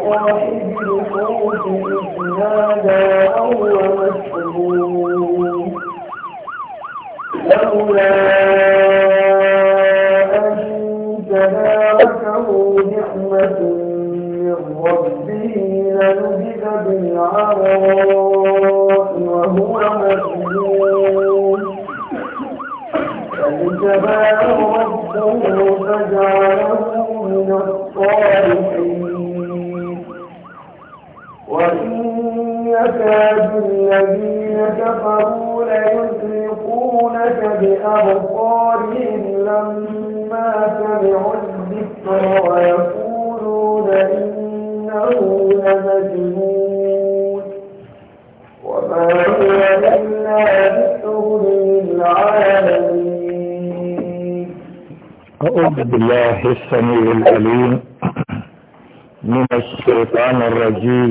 صاحب الحوت إذ نادى وهو مسجون لولا أن تناوله نعمة من ربه لنبذ بالعراء وهو مسجون فاجتباه ربه فجعله من الصالحين وإن يكاد الذين كفروا ليزلقونك بأبصارهم لما سمعوا الذكر ويقولون إنه لمجنون وما هو إلا ذكر للعالمين أعوذ بالله السميع العليم من الشيطان الرجيم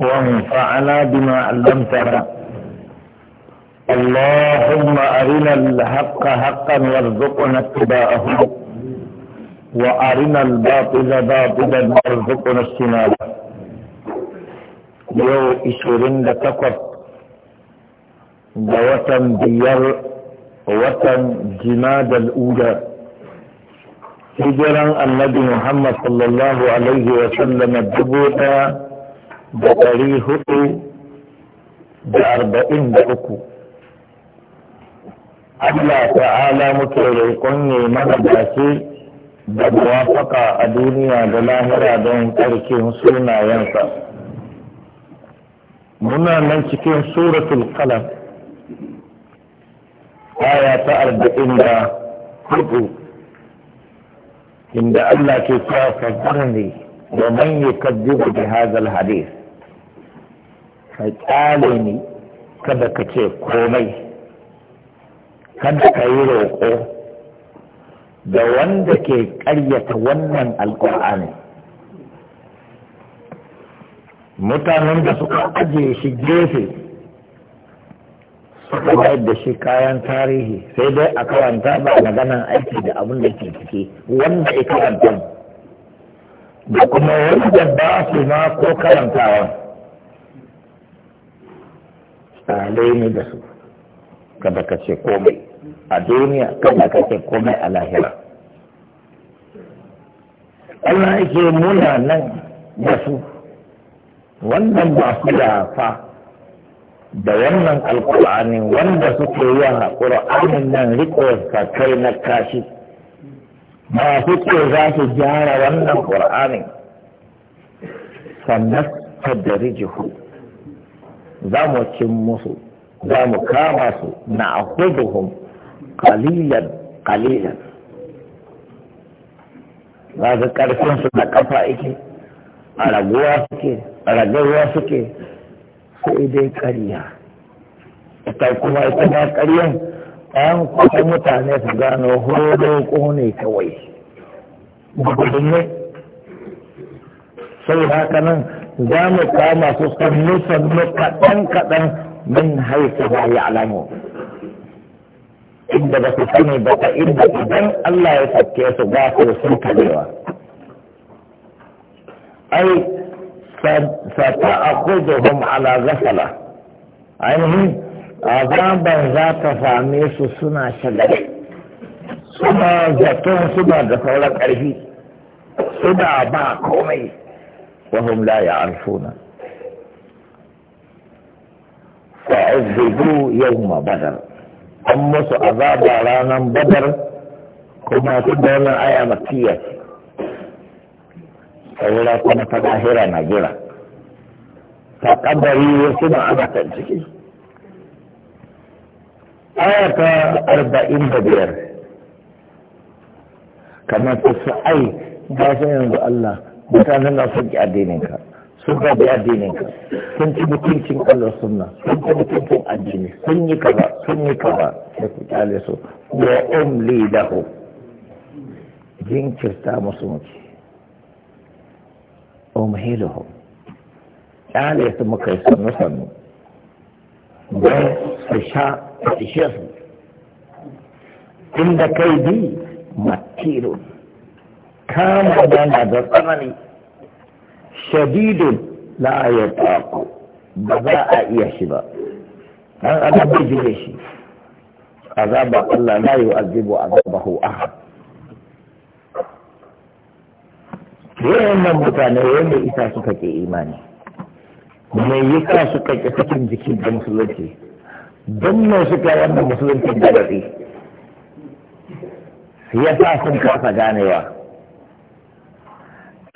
وانفعنا بما علمتنا اللهم أرنا الحق حقا وارزقنا اتباعه وأرنا الباطل باطلا وارزقنا اجتنابه يو إشهرين لتقف دوتا ديار وطن جماد الأولى هجرا النبي محمد صلى الله عليه وسلم الدبوتا da ɗari hudu da arba'in da uku Allah ta'ala muke roƙon ne mana dace da muwafaka a duniya da lahira don ƙarfin sunayensa muna nan cikin suratul kalam aya ta arba'in da hudu inda Allah ke cewa fadar ne wa man ka kyale ni kada ka ce komai kada ka yi roƙo da wanda ke ƙaryata wannan alƙur'ani mutanen da suka ajiye shi gefe suka bayar da shi kayan tarihi sai dai a karanta ba magana aiki da abin da ke ciki wanda ya karanta da kuma wanda ba su ma ko karantawa kalai ne da su kada ka ce komai a duniya kada ka ce komai a lahira Allah yake muna nan da su wannan ba su da fa da wannan alkur'ani wanda suke a ƙur'anin nan riko kai na kashi ba ke za su gyara wannan ƙur'anin sannan ta tadarijihu za mu cin musu za mu kama su na ahuduhum kalilan kalilan za su karfin su da kafa ike a raguwa suke a ragarwa suke sai dai kariya ita kuma ita ma karyan ɗayan kusa mutane su gano hodo kone kawai ba ne saboda haka nan za mu kama su sannu sannu kaɗan kaɗan min haisu ba ya alamu inda ba su sani ba ta inda idan Allah ya sauke su ba su sun kadewa ai sata a kudurum ala gasala ainihin azaban za ta same su suna shagari suna zaton suna da sauran ƙarfi suna ba komai وهم لا يعرفون فعذبوا يوم بدر أمس سأذاب على نم بدر كما تدعون آية مكية فلا كما تداهر نجرة فقدري وسمع أنا تنسكي آية أربعين بدر كما تسعي ما الله mutanen na sun ki addininka sun gaji addininka sun ci mutuncin Allah suna sun ci mutuncin addini sun yi kaba, sun yi kaba sai ku kyale su wa umli lahu jinkirta musu muke umhiluhum kyale su muka yi sannu sannu don su sha su ishe su inda kai bi matilun kama na da tsanani shadidun la ya taku ba za a iya shi ba dan adam bai jige shi azaba Allah la yu'azibu azabahu yayin nan mutane wani isa suka ke imani me yasa suka ke cikin jikin da musulunci don ne suka wannan musulunci da gari yasa sun kasa ganewa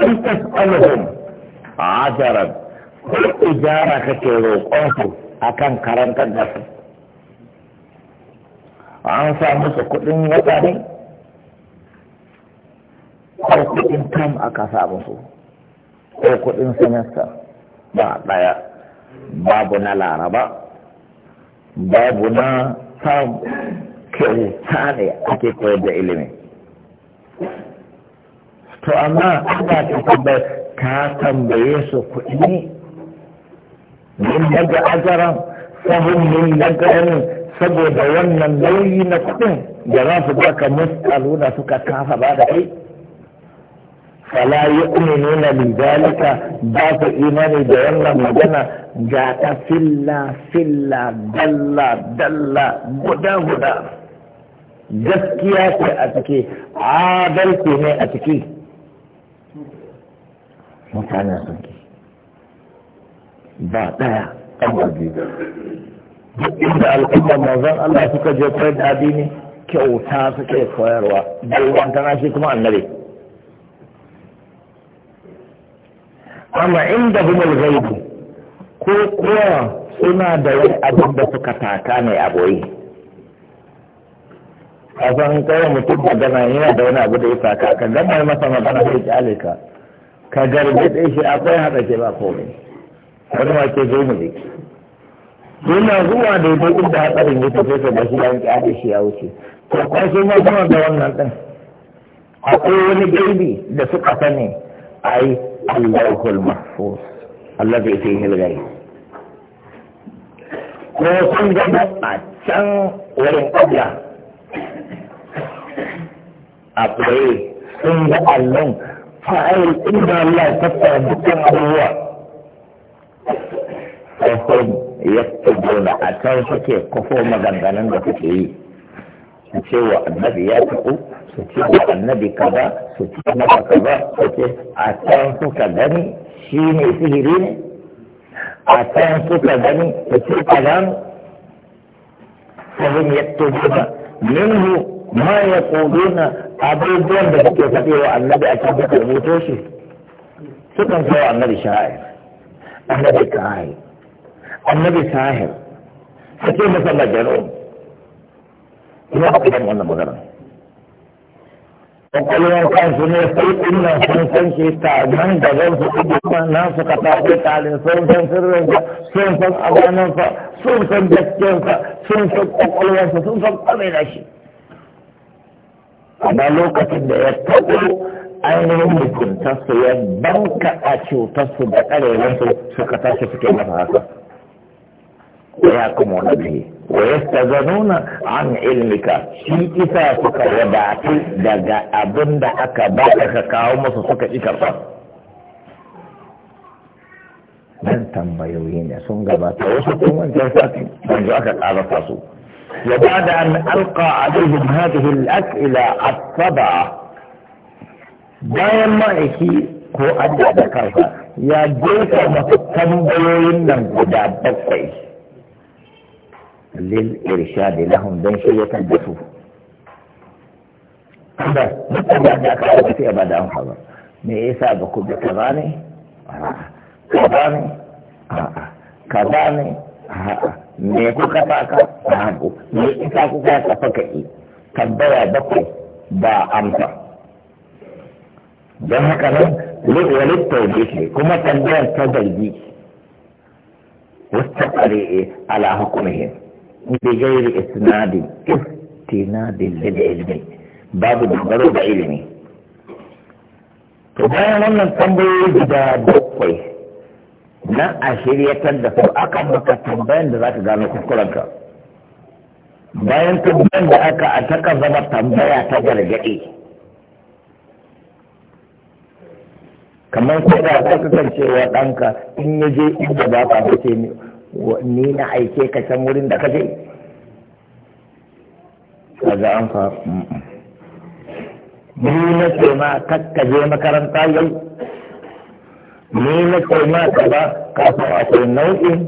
in tas'aluhum ajaran ko ijara kake roƙon su akan karantar da su an sa musu kuɗin wata ne ko kuɗin tam aka sa musu ko kuɗin semester ba ɗaya babu na laraba babu na Sam kyauta ne ake koyar da ilimi to amma Allah ta ka tambaye su kuɗi ne min daga ajaran sahun min daga yanin saboda wannan nauyi na kuɗin da za su baka na suka kafa ba da kai fala umini na bidalika ba su imani da wannan magana ga ta filla filla dalla dalla guda guda gaskiya ce a ciki adalci ne a ciki mutanen sun ki ba ɗaya an ba biyu duk inda al'ummar mazan Allah suka je koyar da addini kyauta suke koyarwa bai tana shi kuma annabi amma inda humul gaibu ko kuwa suna da wani abin da suka taka mai a a san kawai mutum gana, yana da wani abu da ya faka ka gama masa magana sai ki alika ka gargaɗe shi akwai haɗa ke ba komai wani ma ke zo mu jiki yana zuwa daidai inda haɗarin ya tafi ka gashi da yanki ake shi ya wuce to kwashe ma kuma da wannan ɗin akwai wani gaibi da suka sani ai allahul mahfuz allah zai fi hilgai ko sun gaba a can wurin ƙabla a ƙwaye sun ga allon fa'il inda Allah ya tattara dukkan abubuwa fahim ya tabo a can suke kofo maganganun da suke yi su ce wa annabi ya taɓo su ce wa annabi kaza su ce masa kaza su ce a can suka gani shi ne sihiri ne a can suka gani su ce kaza ne fahim ya tabo na minhu ma ya kodona abubuwan da suke faɗe wa annabi a cikin suka rubuto shi sukan kawo annabi sha'ir annabi kahir annabi sahir suke masa majaru ina ba kan wannan magana kwakwalwar kansu ne sai innan sun san shi ta nan da zan su ɗigo kuma na suka tafi talin sun san sirrinsa sun san aganansa sun san gaskiyarsa sun san kwakwalwarsa sun san kwame da shi amma lokacin da ya taɓo ainihin mutuntarsu ya banka a cutarsu da ƙarerensu suka tashi suke masa haka ya kuma wani bihi wa yastazanuna an ilmika shi isa suka wadatu daga abin da aka ba ka kawo musu suka ƙi karɓa dan tambayoyi ne sun gabata wasu kuma wancan sati aka ƙara su وبعد ان القى عليهم هذه الاسئله السبعه بايا ما يكي هو ادى ذكرها يا جيت ما تتنبلين من قد بقي للارشاد لهم بين شيء يتلبسوا بس ما تتنبلين من قد ابدا حضر مي ايسا بكو me kuka faka sahabu me ita kuka ka faka yi tambaya bakwai ba amsa don haka nan wani taubihi kuma tambayar ta zargi wata ƙari'e e, ala hukumihin da gairi isnadin istinadin da ilimin babu dogaro da ilimi to bayan wannan tambayoyi guda bakwai nan a shiryatar da su aka maka tambayan da za ka gano kuskurenka bayan tambayan da aka a taka zama tambaya ta gargaɗe kamar ko da ta wa ɗanka in ya je inda ba ka fice ni na aike ka can wurin da ka je kaga an fa ni na ce ma je makaranta yau ni na kai ma kaza kafin akwai nau'in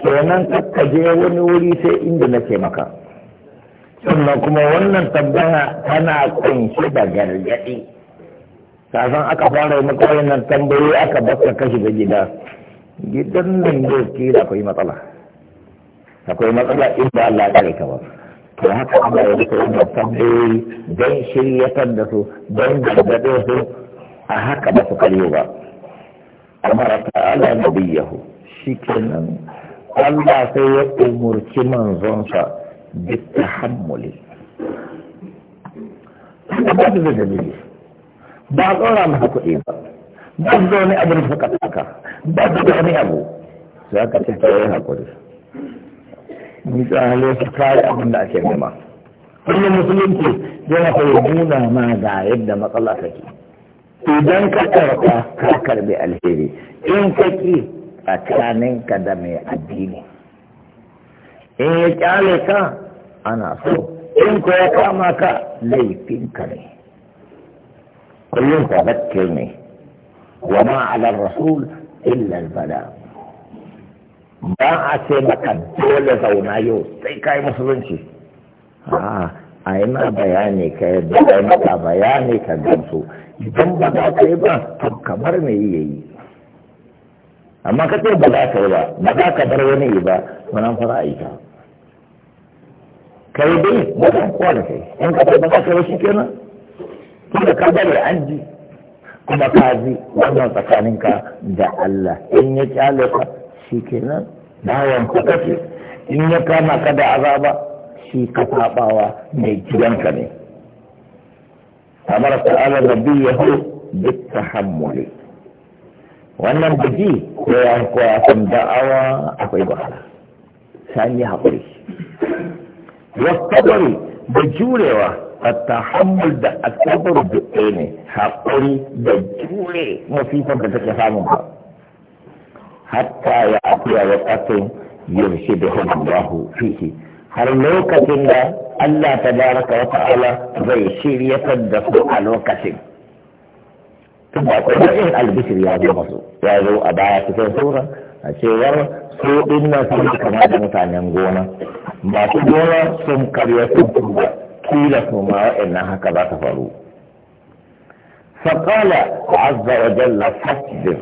kenan ka je wani wuri sai inda nake maka sannan kuma wannan tambaya tana kunshi da gargaɗi kafin aka fara maka wannan tambayi aka baka kashi da gida gidan nan da da akwai matsala akwai matsala in ba Allah ya ka ba to haka amma ya rika tambayi don shiryatar da su don gargaɗe su a haka ba su kariyo ba amara ta'ala nabiyahu shikenan Allah sai ya umurci manzonsa bi tahammuli ba da dalili ba a tsora maka kuɗi ba ba da wani abu da suka taka ba da wani abu za ka ce ta yi haƙuri ni tsahalin su kare abin da ake nema kullum musulunci yana kai nuna ma ga yadda matsala take idan ka karɓa ka karɓi alheri in ka ki ka da mai addini in ya kyale ka ana so in ko ya kama ka laifinka ne kullum ka zakir ne wa ma ala rasul illa albala ba a ce maka dole zauna yau sai kai musulunci a ina bayani ka yadda kai maka bayani ka gamsu idan ba za ka yi ba to kamar me yi yayi amma ka ce ba za ka yi ba ba za ka bar wani yi ba wannan fara aika kai dai ba za kowa da kai in ka ba za ka yi shi kenan da ka bari an ji kuma ka ji wannan tsakaninka da Allah in ya kyale ka shi kenan bawan ka ce, in ya kama ka da azaba shi ka fabawa mai gidanka ne أمر تعالى نبيه بالتحمل wannan biki ko ya koya san da'awa akwai wahala sani haƙuri wasabari da jurewa a tahammul da asabar da ne haƙuri da jure masifar da take samun ba hatta ya akuya wa ƙasin yarshe da hannun fihi har lokacin da Allah ta baraka wa ta'ala zai shiryatar da su a lokacin tunda kuma in albishir ya zo masu ya zo a baya cikin sura a cewar su din nan sun kama da mutanen gona ba su gona sun karya sun kuma kila su ma wa'annan haka za ta faru فقال عز وجل فاصبر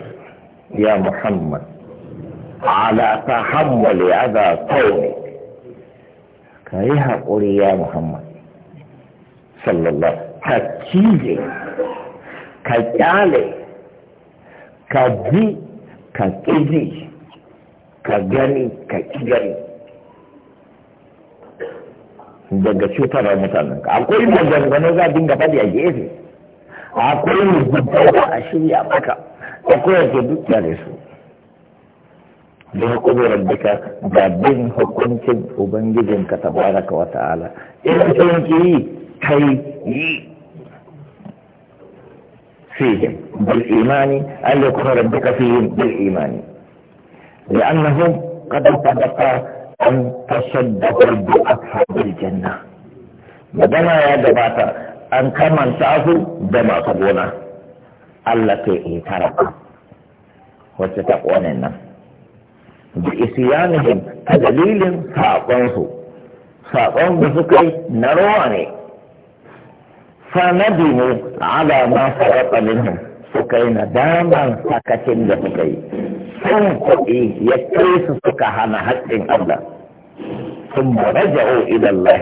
يا محمد على تحمل أذى قومك ka yi haƙuri ya muhammad sallallahu ka cije ka kyale ka ji ka ƙiji ka gani ka ƙi gani daga cutar da mutanen ka akwai maganganu za dinga faɗi a gefe akwai mugunta a shirya maka akwai yake duk da su bi hukumi rabbika da bin hukuncin ubangijinka tabaraka wa ta'ala in sun ki yi kai yi fihim bil imani an yakuna rabbika fihim bil imani لأنهم قد سبق أن تصدقوا بأصحاب الجنة بدنا يا جماعة أن كمن تعفوا بما تبونا التي إيترقوا وتتقوى النفس da isiyanihim ta dalilin saƙonsu saƙon da suka yi na rawa ne fanadimu ala ma farata minhum suka yi nadaman sakacin da suka yi sun kuɗi ya kai su suka hana haƙƙin Allah sun raja'u ila Allah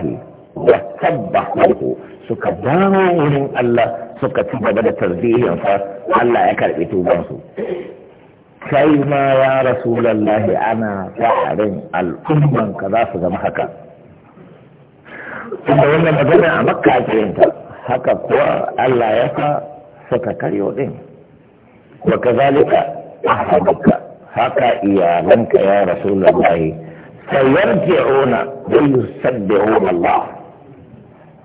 wa sabbahu suka dawo wurin Allah suka ci gaba da tarbiyyar Allah ya karɓi tubansu kai ma ya rasulallahi ana fa'arin al'umman ka za su zama haka tunda wannan magana a makka ake ta haka kuwa Allah ya sa suka karyo din wa kazalika ahadaka haka iyalanka ya rasulullahi sayarji'una wa yusabbihuna Allah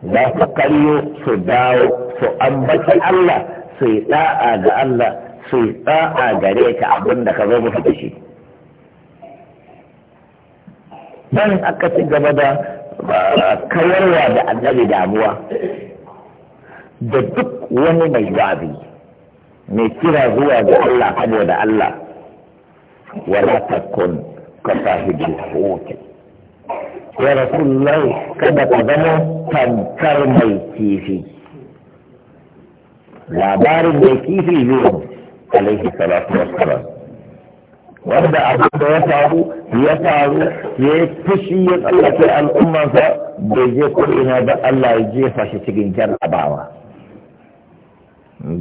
za su karyo su dawo su ambaci Allah su yi da'a ga Allah su yi tsa'a gare ka abin da ka zo musu da shi nan aka ci gaba da kawarwa da annabi damuwa da duk wani mai wabi mai kira zuwa ga Allah saboda Allah wala takun ka sahibi hotel ya rasulullah kada ka zama tantar mai kifi labarin mai kifi yi. alaihi salatu wassalam wanda abin da ya faru ya faru ya yi fushi ya tsallake al'ummansa bai je ko'ina ba Allah ya jefa shi cikin jarrabawa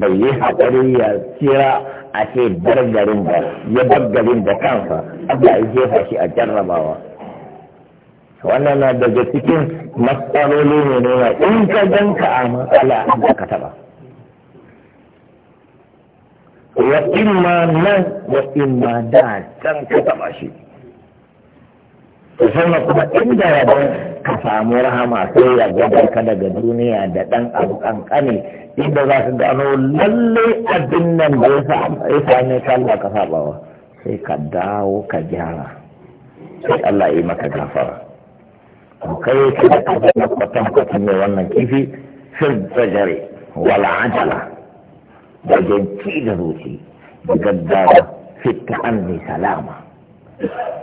bai yi haƙari ya tsira a ce bar ba ya bar garin da kansa Allah jefa shi a jarrabawa wannan na daga cikin matsaloli ne noma in ka ganka a matsala da ka taɓa wa imma nan wa imma da can ka taba shi to sannan kuma inda ya don ka samu rahama sai ya gaba ka daga duniya da dan abu kankane inda za su gano lalle abin nan da ya same ka Allah ka sabawa sai ka dawo ka gyara sai Allah ya yi maka gafara kai ka da kafa na kwatan kwatan mai wannan kifi fil fajari wal ajala da janci da roci da gaggawa fitta an zai salama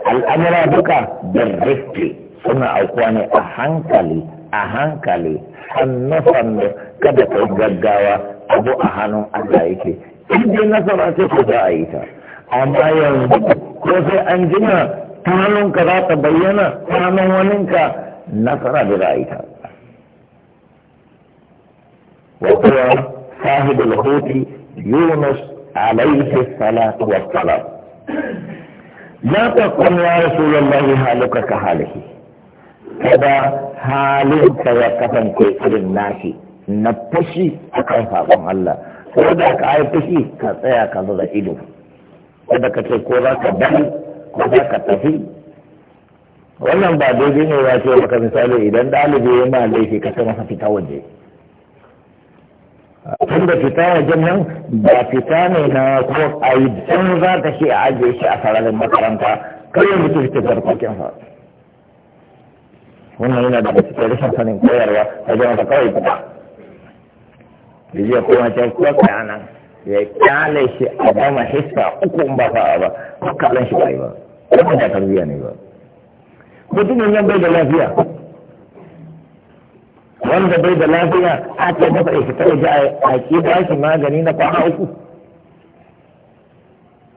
al'amura duka da rifki suna aukuwa ne a hankali a hankali hannu hannu kada ka gaggawa abu a hannun Allah yake in dai nasara ce ko za a yi ta amma yanzu ko sai an jima ta hannunka za ta bayyana ta hannun waninka nasara da za a yi ta. Wakuwa صاحب الحوت يونس عليه الصلاة والسلام لا تقم يا رسول الله حالك كحاله kada halinka ya kasance irin nashi na fashi a kan saƙon Allah ko da ka yi fashi ka tsaya ka zuba ido wannan ba daidai ne ya ce maka misali idan ɗalibi ya ma laifi ka ce masa fita waje tunda fita wajen nan ba fita ne na kuma a yi don za ta shi a ajiye shi a sararin makaranta kawai mutu fita zarfakin fa wannan yana da cikin rashin sanin koyarwa a jama'a ta kawai fita da zai kuma can kuwa kayanan ya kyale shi a gama hissa uku ba fa ba ko shi ba yi ba kuma da tarbiyya ne ba mutumin yan bai da lafiya wanda bai da lafiya a ce masa ya fita waje a ki ba shi magani na kwana uku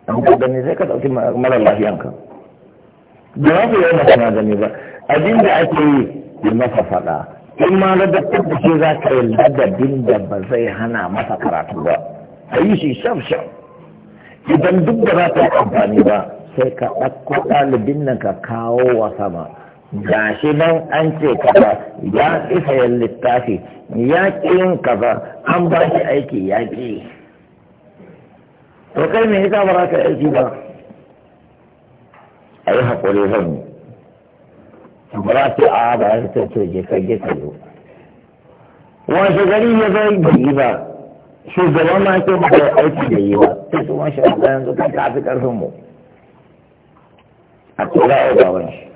an ka gani sai ka ɗauki mara ka da lafiya yana da magani ba abin da ake yi ya masa faɗa in ma na da da shi za ka yi ladabin da ba zai hana masa karatu ba a yi shi shaf shaf idan duk da za ka yi amfani ba sai ka ɗauko ɗalibin nan ka kawo wa sama ga shi nan an ce kaza ya ƙi sayan littafi ya ƙi yin kaza an ba shi aiki ya ƙi to kai me yasa ba ka aiki ba a yi haƙuri zan yi ba za ta a ba za ta ce je ka je ka zo washe gari ya zai bai yi ba shugaban ma ke ba da aiki da yi ba sai kuma shi a yanzu kan ka fi ƙarfin mu a tura ya gaban shi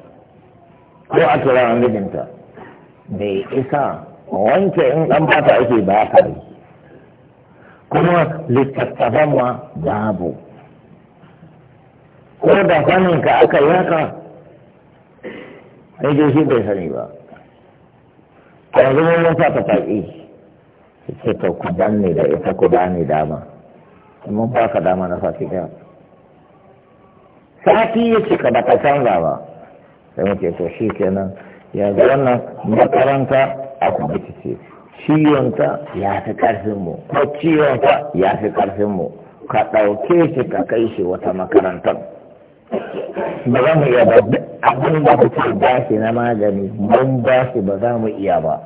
ko a turaren mijinta bai isa wanke in an fata ake ba ka yi kuma littattafan ma babu ko da sanin ka aka yi haka sai dai shi bai sani ba yanzu mun yi fata ta taƙi ce ta ku danne da ita ku bani dama mun ba ka dama na sati ɗaya sati ya ka canza ba sai muke so shi kenan yanzu wannan makaranta a kwamiti ce ciwonta ya fi ƙarfinmu ko ta ya fi ƙarfinmu ka ɗauke shi ka kai shi wata makarantar ba za mu iya ba abin da kuke ba shi na magani mun ba shi ba za mu iya ba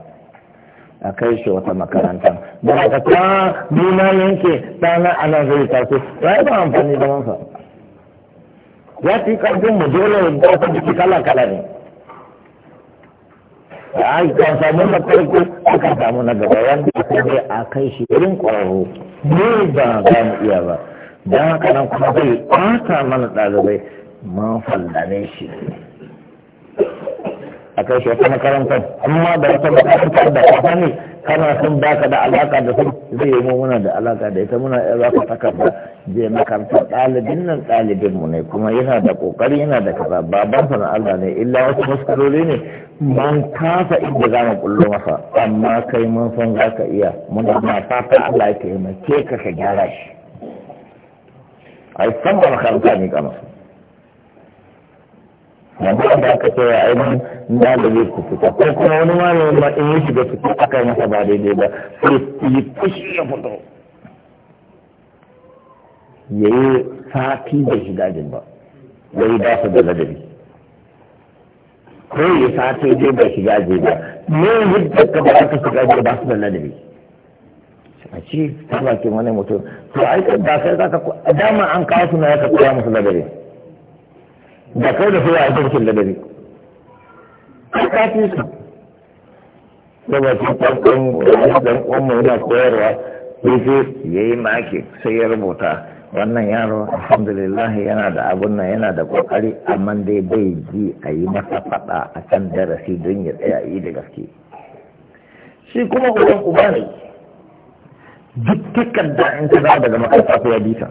a kai shi wata makaranta ba ka ta nuna yanke ɗana ana zai taso ya yi ba amfani da mansa ya fi karfin mu dole ɗaukar jiki kala kala ne a kan samu na farko a samu na gaba wanda aka dai a kai shi irin ƙwararru ne ba za mu iya ba don haka nan kuma zai ɓata mana ɗalibai mun fallane shi a kai shi wata makarantar amma da wata makarantar da kwata ne kana son baka da alaka da su zai yi muna da alaka da ita muna za ka takarda je makaranta ɗalibin nan ɗalibin mu ne kuma yana da ƙoƙari yana da kaza baban sa na Allah ne illa wasu maskarori ne man kafa inda za mu kullu masa amma kai mun san za ka iya muna ma fata Allah ya taimake ka ka gyara shi ai san makaranta ne ka wanda da aka ce ya ainihin na da zai ku fita ko kuma wani malami ma in ya shiga fita aka yi masa ba daidai ba sai yi fushi ya fito ya yi sati da shiga jin ba ya yi dafa da ladabi ko ya sati da ba shiga jin ba ne yadda ka ba aka shiga jin ba su da ladabi a ce ta bakin wani mutum to aikar ba sai za ka dama an kawo suna ya ka koya musu ladabi da kai da kai a cikin ladabi kai ka fi su saboda shi farkon wajen uwan mu yana koyarwa ya ce ya yi maki sai ya rubuta wannan yaro alhamdulillah yana da abun nan yana da kokari amma dai bai ji a yi masa faɗa a kan darasi don ya tsaya yi da gaske shi kuma uban uba ne duk takarda in ta daga makaranta ya bisa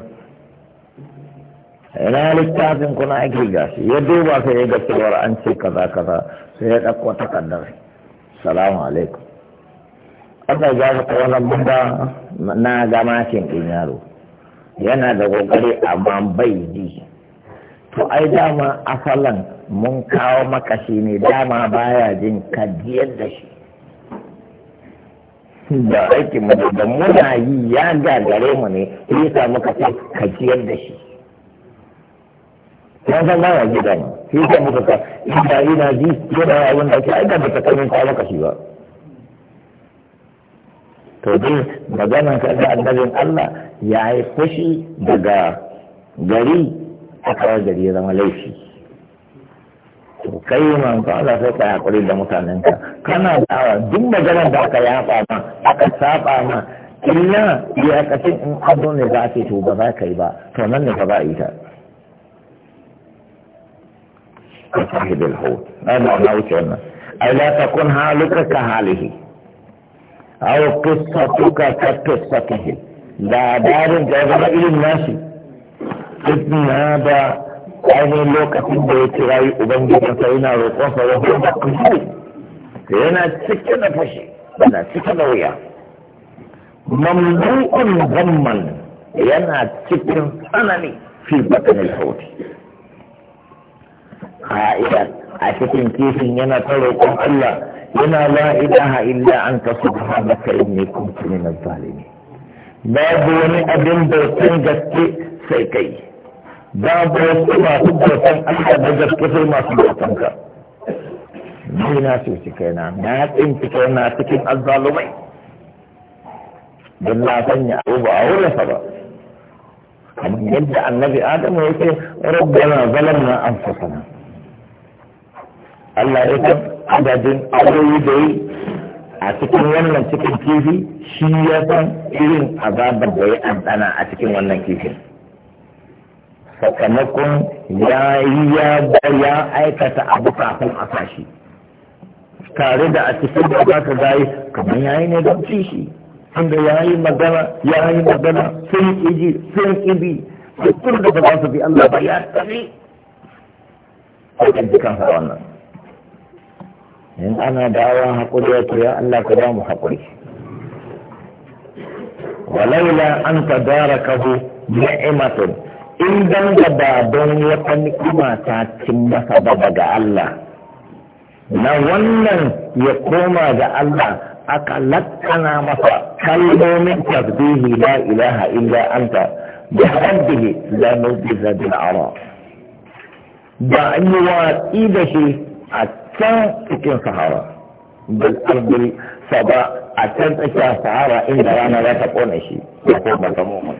ina littafin kuna ake shi ya duba sai ya ga cewar an ce kaza kaza sai ya ɗauko takardar salamu alaikum aka ga ta wannan na ga makin ɗin yaro yana da kokari amma bai ji to ai dama asalan mun kawo maka shi ne dama baya jin kadiyar da shi da aikin mu da muna yi ya gagare mu ne ya samu ka ka da shi ya ba ya gida ne shi ya muka ka inda na ji yana abin da ake aika da takalmin kawo maka ba to dai maganan ka da annabin Allah ya yi fushi daga gari kawar gari zama laifi to kai man ka sai ka hakuri da mutanen ka kana da duk maganar da aka yafa ma aka saba ma illa ya kasin in ado ne za ka ce to ba za ka yi ba to nan ne ba ita ka sahibin haut na ma'ana wuce wannan ai la ta kun haluka ka halihi aw qissatuka ka qissatihi la darin da ga ilmin nashi idan hada kai lokacin da yake rayu ubangiji sa yana roƙon sa wa huwa qissi yana cikin na fashi yana cikin na wuya mamdu'un zamman yana cikin tsanani fi batnil hauti قائلا أتكن كيف ينا طرق الله ينا لا إله إلا أنت سبحانك إني كنت من الظالمين باب وني أبن بوتن جسكي سيكي باب وسط ما سبحان أحد جسكي في ما سبحانك نينا سيكينا نات انتكينا تكين الظالمين don na sanya abu ba a wurinsa ba yadda annabi adamu ya ce rabbana zalamna anfusana Allah ya san adadin aure da yi a cikin wannan cikin kifi shi ya san irin azabar da ya ɗanɗana a cikin wannan kifin sakamakon ya yi ya aikata abu kafin a fashi tare da a cikin da za ka gayi kamar ya yi ne don ci shi inda ya yi magana ya yi magana sun ƙiji sun ƙibi da ba za su bi Allah ba ya tafi a kan jikan sa wannan in ana dawon haƙuri wato ya Allah ka ba mu haƙuri walaula an hu ni'matun in dan da ba don wata ni'ima ta cin masa ba daga Allah na wannan ya koma ga Allah aka lakkana masa kalmomin tasbihi la ilaha illa anta bi hamdihi la nubiza bil ara Ba an yi watsi da shi a can cikin sahara bal arbul saba a can tsakiyar sahara inda rana za ta kona shi ya koma ga mu'min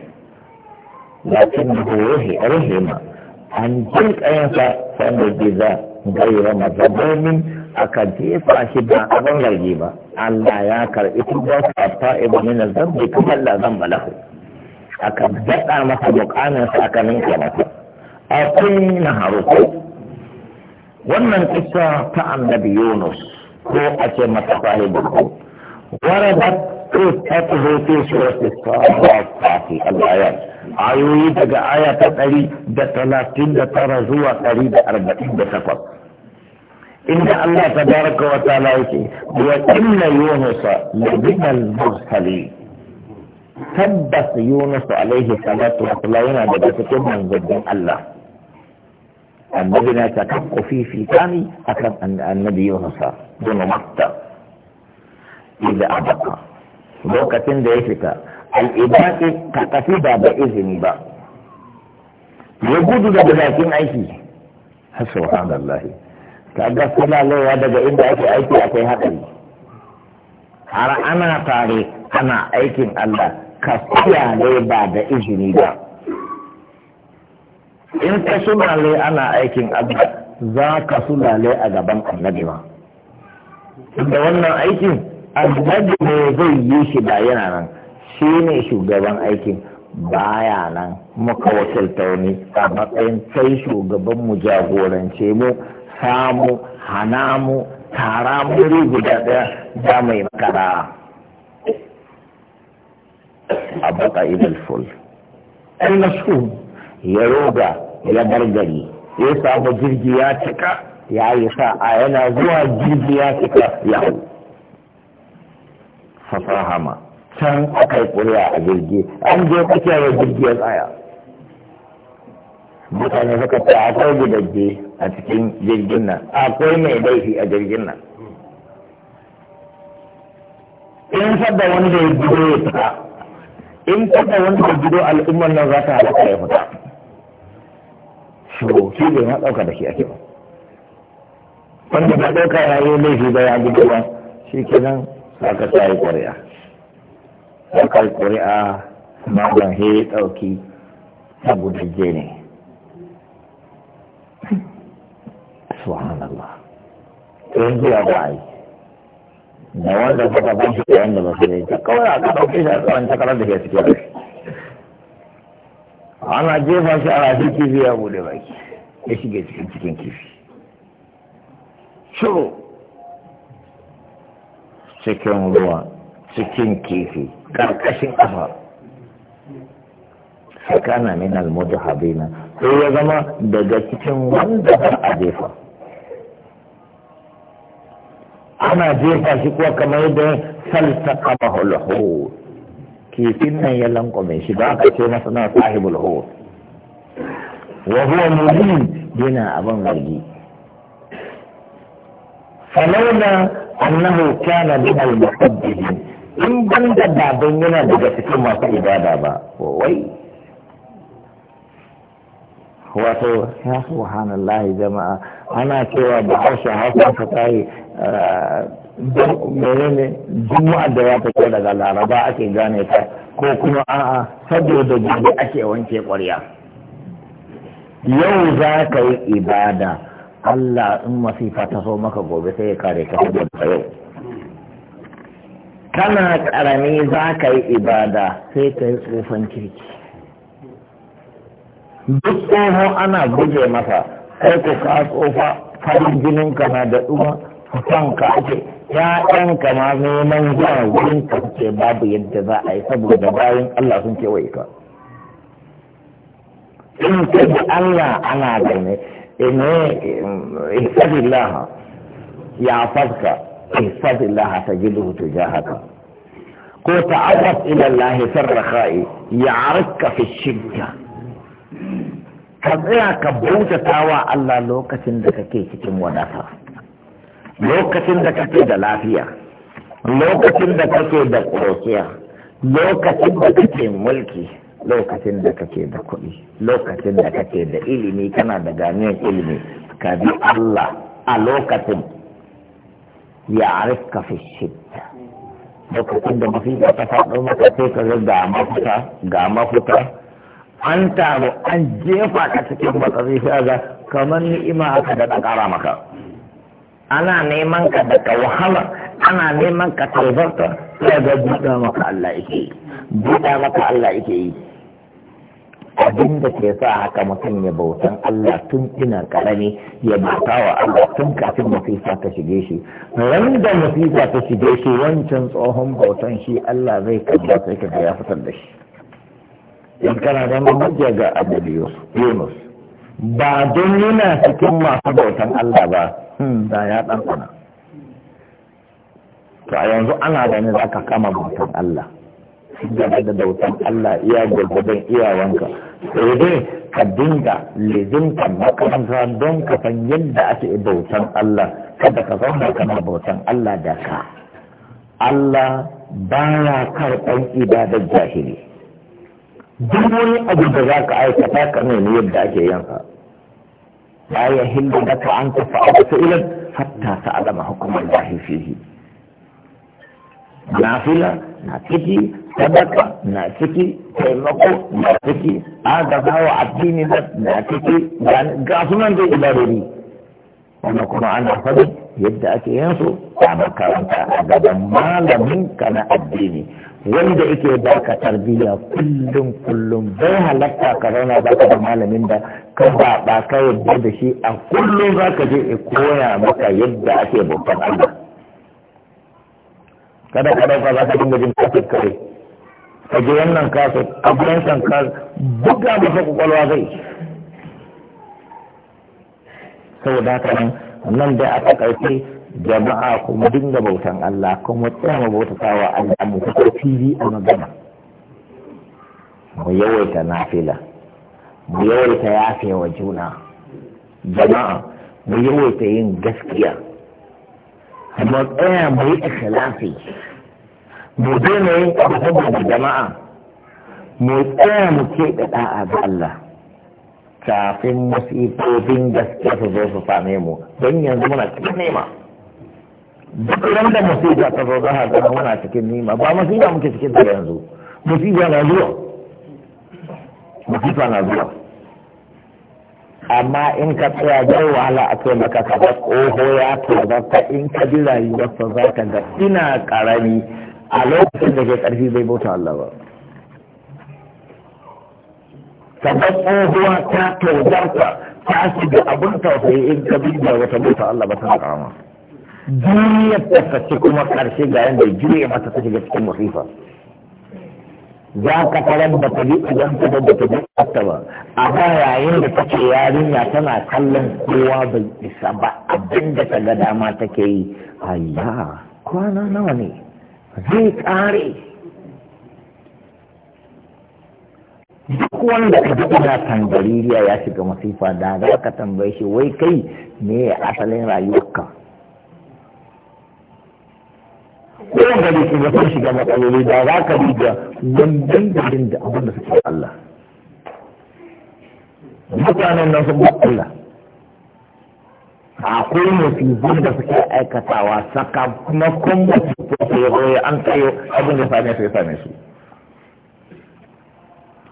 lakin ruhi ma. an jin kayansa sanda giza gaira mazabomin aka jefa shi ba abin zargi ba Allah ya karɓi tuba a ta'ibu min zambi kamar la zamba lahu aka daɗa masa bukanin sakamin a akwai na haruku wannan kisa ta annabi Yunus ko a ce mata sahibin ko ta qissatuhu fi surati as-saffat al-ayat ayoyi daga aya ta ɗari da talatin da tara zuwa ɗari da arba'in da takwas inda Allah ta baraka wa ta'ala yake wa inna yunusa labinal mursali tabbas yunus alaihi salatu wa salam yana daga cikin manzannin Allah النبي يتكف في ثاني أكرم النبي يونس بن مطة إذا أبقى لوكة ديشك الإباء تقفيدا بإذن با يقول ذا بذاكين أيكي سبحان الله kaga suna لو daga inda أيكي أيكي akwai haɗari أرى أنا tare أنا أيكي الله كفيا لي ba da با in ka sulale ana aikin Allah za ka sulale a gaban annabi ma da wannan aikin annabi ne zai yi shi ba yana nan shi ne shugaban aikin baya nan muka wakilta wani a matsayin kai shugaban mu jagorance mu samu hana mu tara muri guda daya da mai makara a baka idil ful. Ai, ya roga ya bar gari ya samu jirgi ya cika ya yi sa'a yana zuwa jirgi ya cika ya hau fasahama can aka yi ƙuri'a a jirgi an je tsakiyar jirgi ya tsaya mutane suka ce akwai gudaje a cikin jirgin nan akwai mai laifi a jirgin nan in sadda wanda ya gudo ya fita in sadda wanda ya gudo al'ummar nan za ta halaka ya fita surutu bai ma ɗauka da shi ake ba wanda ba ɗauka ya yi laifi ba ya gudu ba shi kenan aka sa yi ƙuri'a aka yi ƙuri'a magan he ɗauki a gudajje ne subhanallah yanzu ya ba yi da wanda suka ban shi da wanda ba su da ita kawai ka ɗauki shi a tsawon takarar da ke cikin ana jefa shi a rafi kifi ya bude baki ya shiga cikin cikin kifi shiru cikin ruwa cikin kifi karkashin kafa sakana min habina sai ya zama daga cikin wanda ba a jefa ana jefa shi kuwa kamar yadda salsa kama hulhul kifin nan ya lankwame shi ba ka ce masa na sahibul hu wa huwa mulim yana abin zargi falaula annahu kana min al-muqaddimin in ban da baban yana daga cikin masu ibada ba wai wato ya subhanallahi jama'a ana cewa ba hausha hausa ta kai. menene juma'a da ya fito daga laraba ake gane ta ko kuma a'a saboda gobe ake wanke ƙwarya yau za ka yi ibada Allah in masifa ta so maka gobe sai ya kare ka saboda yau kana karami za ka yi ibada sai ka yi tsofan kirki duk tsoho ana guje masa sai ku ka tsofa farin jininka na da ɗuma kan ka ake ya'yan kama neman zuwa ka ce babu yadda za a yi saboda bayan Allah sun kewaye ka in ka ji Allah ana gane ina ihsadillaha ya faska ihsadillaha ja haka, ko ta'arraf ila Allah sarrakhai ya'arka fi shidda ka tsaya ka bautata wa Allah lokacin da kake cikin wadata lokacin da kake da lafiya lokacin da kake da ƙorosiya lokacin da kake mulki lokacin da kake da kuɗi lokacin da kake da ilimi kana da ganiyar ilimi ka bi Allah a lokacin ya arifka fi shidda lokacin da mafita ta faɗo maka sai ka ga mafuta ga mafuta an taru an jefa ka cikin matsatsi sai ga kamar ni'ima aka da ƙara maka ana neman ka daga wahala ana neman ka taubarta sai ga buɗa maka Allah yake yi buɗa maka Allah yake yi abin da ke sa haka mutum ya bautan Allah tun ina karami ya bauta wa Allah tun kafin masifa ta shige shi wanda masifa ta shige shi wancan tsohon bautan shi Allah zai kalla sai ka ya fitar da shi in kana da mamajja ga Abu Yunus ba don yana cikin masu bautan Allah ba da ya kuna to a yanzu ana da ne za ka kama bautan Allah gaba da bautan Allah iya gwargwadon iyawanka sai dai ka dinga lizinta makaranta don ka san yadda ake bautan Allah kada ka zauna kana bautan Allah da ka Allah baya karɓar ibadar jahili duk wani abu da za ka aikata ka nemi yadda ake yanka. ya da daga an tafa a wasu ilin hatta ta alama hukumar da haifihi na fila na ciki sadaka na ciki taimako na ciki agazawa addini na ciki ga sunan da ibarori wanda kuma ana fadin yadda ake yin su a makaranta a gaban malamin ka na addini wanda yake baka tarbiyya kullum kullum bai halatta ka zauna ka da malamin da ka ba ba ka yadda da shi a kullum za ka je ya koya maka yadda ake bautan Allah kada ka dauka za ka dinga jin kafin kare ka je wannan kafin a gudan ka buga masa kwakwalwa zai saboda haka nan nan dai aka takaice jama'a kuma dinga bautan Allah kuma tsaya bauta sawa Allah mu fito fili a magana mu yawaita nafila mu yawaita yafe wa juna jama'a mu yawaita yin gaskiya mu tsaya mu yi ikhlasi mu daina yin abu saboda jama'a mu tsaya mu ke da da'a ga Allah kafin da suke su zo su same mu don yanzu muna cikin nema duk ran da musiba ta zo za a ga muna cikin nema ba musiba muke cikin ta yanzu musiba na zuwa musiba na zuwa amma in ka tsaya zai wahala a kai maka ka ƙoho ya tozarta in ka bi rayuwarsa za ka ga ina karami, a lokacin da ke karfi bai bauta Allah ba. ka tsohuwa ta tozarta ta da abin tausayi in ka bi da wata Allah ba ta kama duniyar ta sace kuma karshe ga yanda juya mata ta shiga cikin musifa za ka tarar da ta bi idan ta da ta bi ta ba a ba yayin da take yarinya tana kallon kowa bai isa ba abin da ta ga dama take yi ayya kwana nawa ne zai kare duk wanda ka ji ina tangaririya ya shiga masifa da za ka tambaye shi wai kai me asalin rayuwarka kowane gari ke ga sun shiga matsaloli da za ka bi da wannan da abin da suke Allah mutanen nan sun bar Allah akwai musibin da suke aikatawa sakamakon mutum ko ya an kayo abin da same su ya same su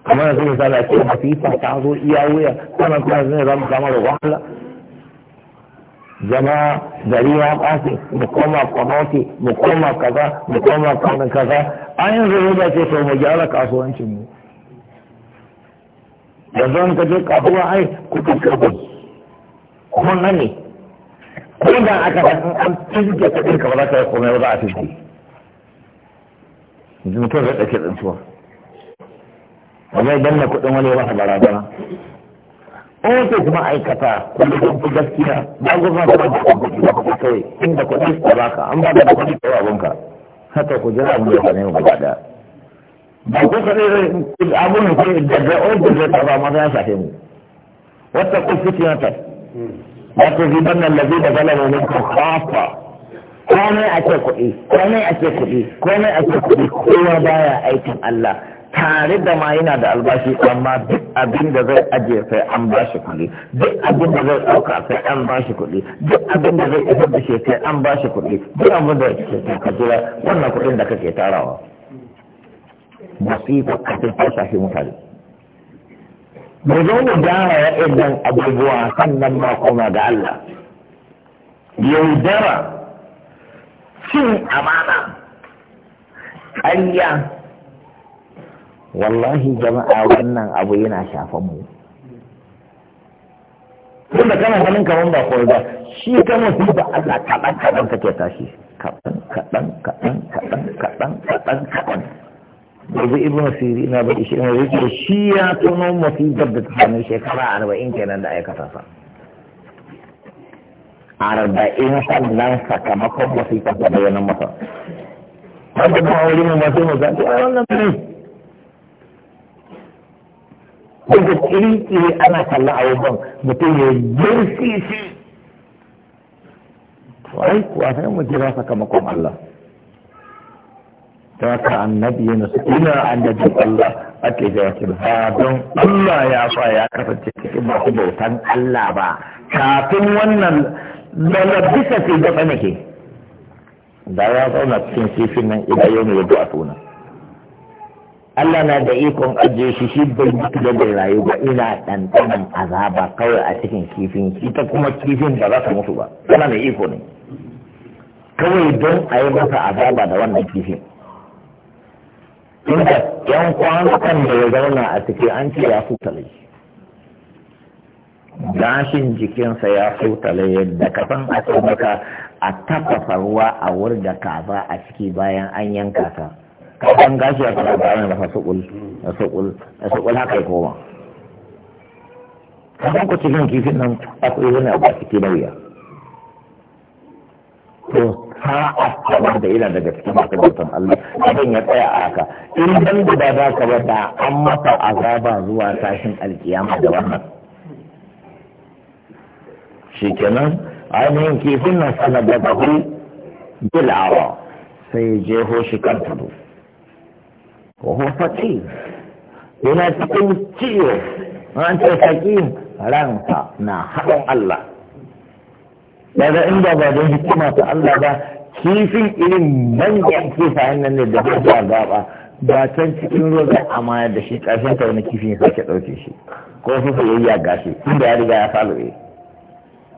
kamar yanzu misali a ce masifa ta zo iya wuya sannan kuma yanzu ne za mu kama da wahala zama gari ya ɓace mu koma kwamoti mu koma kaza mu koma kwanan kaza an yanzu ne da ce sau mu gyara kasuwancin mu yanzu an ka je kasuwa ai kuɗin kaɗi kuma ne ko da aka san an fizge kuɗin ka ba za ka yi komai ba za a fizge mutum zai ɗauke tsintuwa zai danna kudin wani masa barazana in ko kuma aikata kuma kan fi gaskiya ba gwamna ta da kuɗi ba kuɗi kai inda kuɗi ba ka an ba da kuɗi abun ka haka ku jira mun da ne ba da gaba ba ku kaɗai zai abin da kuɗi daga da ta ba, maza ya shafe mu wata ku ta ba ji ziban nan lafi da galaba ne ku kafa komai ake kuɗi komai ake kuɗi komai ake kuɗi kowa baya aikin Allah tare da ma yana da albashi amma duk abin da zai ajiye sai an ba shi kuɗi duk abin da zai ɗauka sai an ba shi kuɗi duk abin da zai isar da shi sai an ba shi kuɗi duk abin da ke ka jira wannan kuɗin da kake tarawa masifa a cikin ta shafi mutane mu zo mu gyara waɗannan abubuwa sannan ma koma ga Allah yaudara cin amana ƙarya wallahi jama'a wannan abu yana shafan mu da kana ganin kamar ba kawai ba shi ta da Allah kaɗan kaɗan kake tashi kaɗan kaɗan kaɗan kaɗan kaɗan kaɗan kaɗan yanzu ibn Asiri na bai shi ne yake shi ya tono masifar da ta sami shekara arba'in kenan da aikata sa arba'in sannan sakamakon masifar da bayanan masa wanda ba wuri mu masu mu zaɓi a wannan daga kiri ana kalla a wajen mutum ya girki shi ai kuwa sai mu jira sakamakon Allah ta ka annabi yana su ina annabi Allah ake jira shi ba don Allah ya fa ya kasance cikin masu bautan Allah ba kafin wannan lalabisa ce gaba nake da ya zauna cikin sifin nan idan yau ne ya a tunan Allah na da ikon ajiye shi shi bai mutu da bai rayu ba ina ɗanɗanan azaba kawai a cikin kifin ita kuma kifin ba za ta mutu ba tana da iko ne kawai don a yi masa azaba da wannan kifin inda yan kwanukan da ya zauna a ciki an ce ya futale gashin jikinsa ya futale yadda ka san a maka a tafasa ruwa a da kaza a ciki bayan an yanka ka. kan gashi a kaɗan bayan da fasukul fasukul fasukul haka ya koma kan ku cikin kifin nan akwai wani abu a cikin nauya to ha a kama da ina daga cikin makarantar Allah abin ya tsaya a haka in dan da ba za ka ba da an masa azaba zuwa tashin alkiyama da wannan shikenan ainihin kifin nan sanar da bil bil'awa sai jeho shi kan tudu وهو فقير yana cikin ciwo an ce faƙi na haɗin Allah daga inda ba don hikima ta Allah ba kifin irin manyan kifayen nan ne da ba ta gaba ba can cikin ruwa zai amaya da shi ƙarshen ta wani kifin ya sake ɗauke shi ko fufu ya yi ya inda ya riga ya faluwe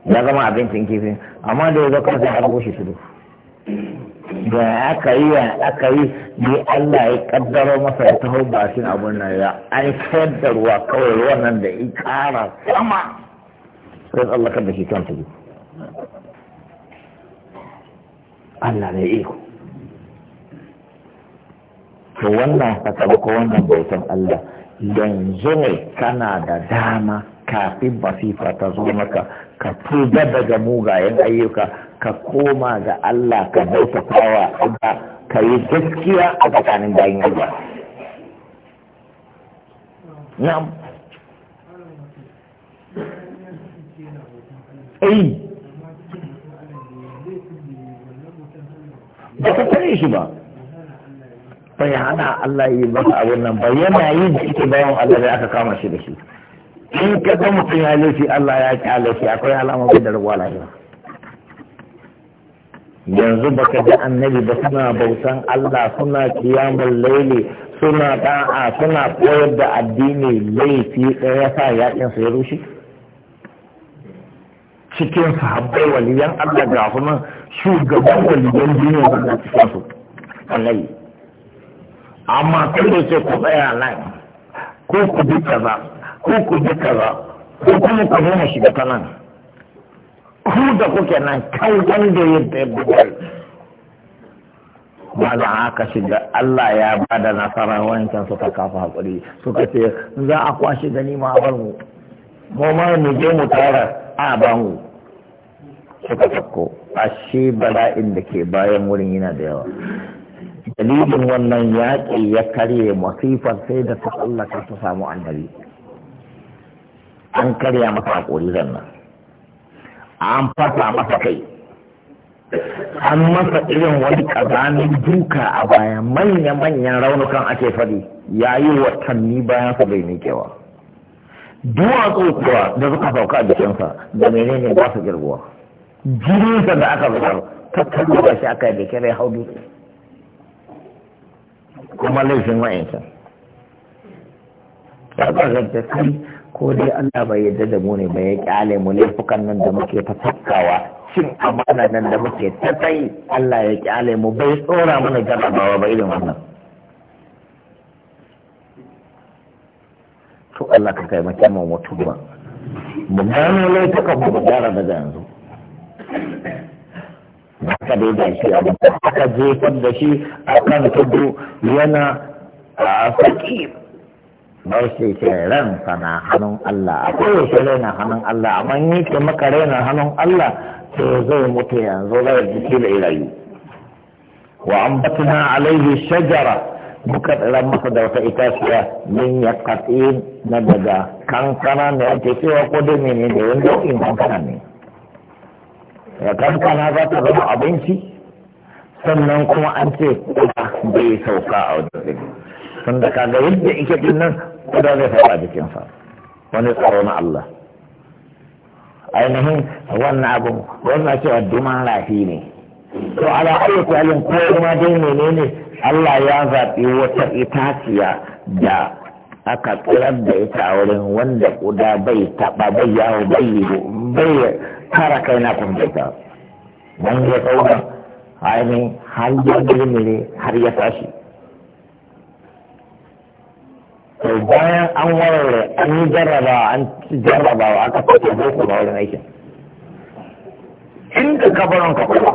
ya zama abincin kifin amma da ya zo kansa ya harbo shi shiru da aka yi wa aka yi ne Allah ya kaddaro masa ya taho shi abun nan ya aifar da ruwa kawai ruwan nan da in kara sama sai Allah kan da shi kan su Allah ne iko to wannan sakamako wannan bautan Allah yanzu ne kana da dama kafin masifa ta zo maka ka tuba daga mugayen ayyuka ka koma ga Allah ka bautatawa Allah ka yi gaskiya a tsakanin bayan Allah na'am ai eh. ba ka tare shi ba bai hana Allah yi masa abin nan ba yana yi da ita bayan Allah da aka kama shi da shi in ka ga mutum ya laifi Allah ya kyale laifi akwai alama bai da rabuwa lahira yanzu baka ji annabi ba suna bautan Allah suna kiyamun laili suna da'a suna koyar da addini laifi ɗaya sa yakin su ya rushe cikin sahabbai waliyan Allah ga kuma shugaban waliyan duniya wanda cikin su wallahi amma kai da ce ku tsaya nan ko ku bi kaza ko ku bi kaza ko kuma ku zo mu shiga ta nan ku da kuke nan kan wanda ya ba malam haka shiga Allah ya ba da nasara wancan suka kafa hakuri suka ce za a kwashe gani ma a bar mu mu ma mu je mu tara a ba mu suka sako ashe bala'in da ke bayan wurin yana da yawa dalilin wannan yaƙi ya karye masifar sai da ta tsallaka ta samu annabi an karya masa hakuri nan an fasa masa kai an masa irin wani kazanin duka a baya manya-manyan raunukan ake faɗi ya yi watanni bayan su bai miƙewa duwatsu kuwa da suka sauka a jikinsa da menene ba su girbuwa Jirinsa da aka zubar tattalin da shi aka yi da kere hau dutse kuma laifin wa'ancan ya ba kai ko dai Allah bai yarda da mu ne bai kyale mu laifukan nan da muke ta tafkawa cin amana nan da muke ta kai, Allah ya kyale mu bai tsora mana jarabawa ba irin wannan to Allah ka kai mace mu mutu ba mu gano laifukan mu gyara da yanzu haka dai da shi abu aka jefar da shi a kan tudu yana a fakir ba ke ran na hannun Allah a kowace raina hannun Allah amma yi ke maka raina hannun Allah to zai mutu yanzu zai jiki da irayu wa an ambatna alaihi shajara muka ɗaran masa da wata itaciya min ya katsi na daga kankana ne ake cewa ko dai mene ne wani nau'in kankana ne ya kankana za ta zama abinci sannan kuma an ce kuma bai sauka a wajen sun da kaga yadda ike din nan kada zai faɗa jikinsa wani tsaro na Allah ainihin wannan abin wannan cewa duman lafi ne to ala ayyuka halin ko kuma dai menene Allah ya zabi wata itaciya da aka tsirar da ita a wurin wanda kuda bai taba bai yawo bai bai kara kai na kumbaita don ya tsauka ainihin har ya girmire har ya tashi to bayan an warware an yi jarraba an jarraba aka fata boko ba wurin aikin in ka kabarin ka kuma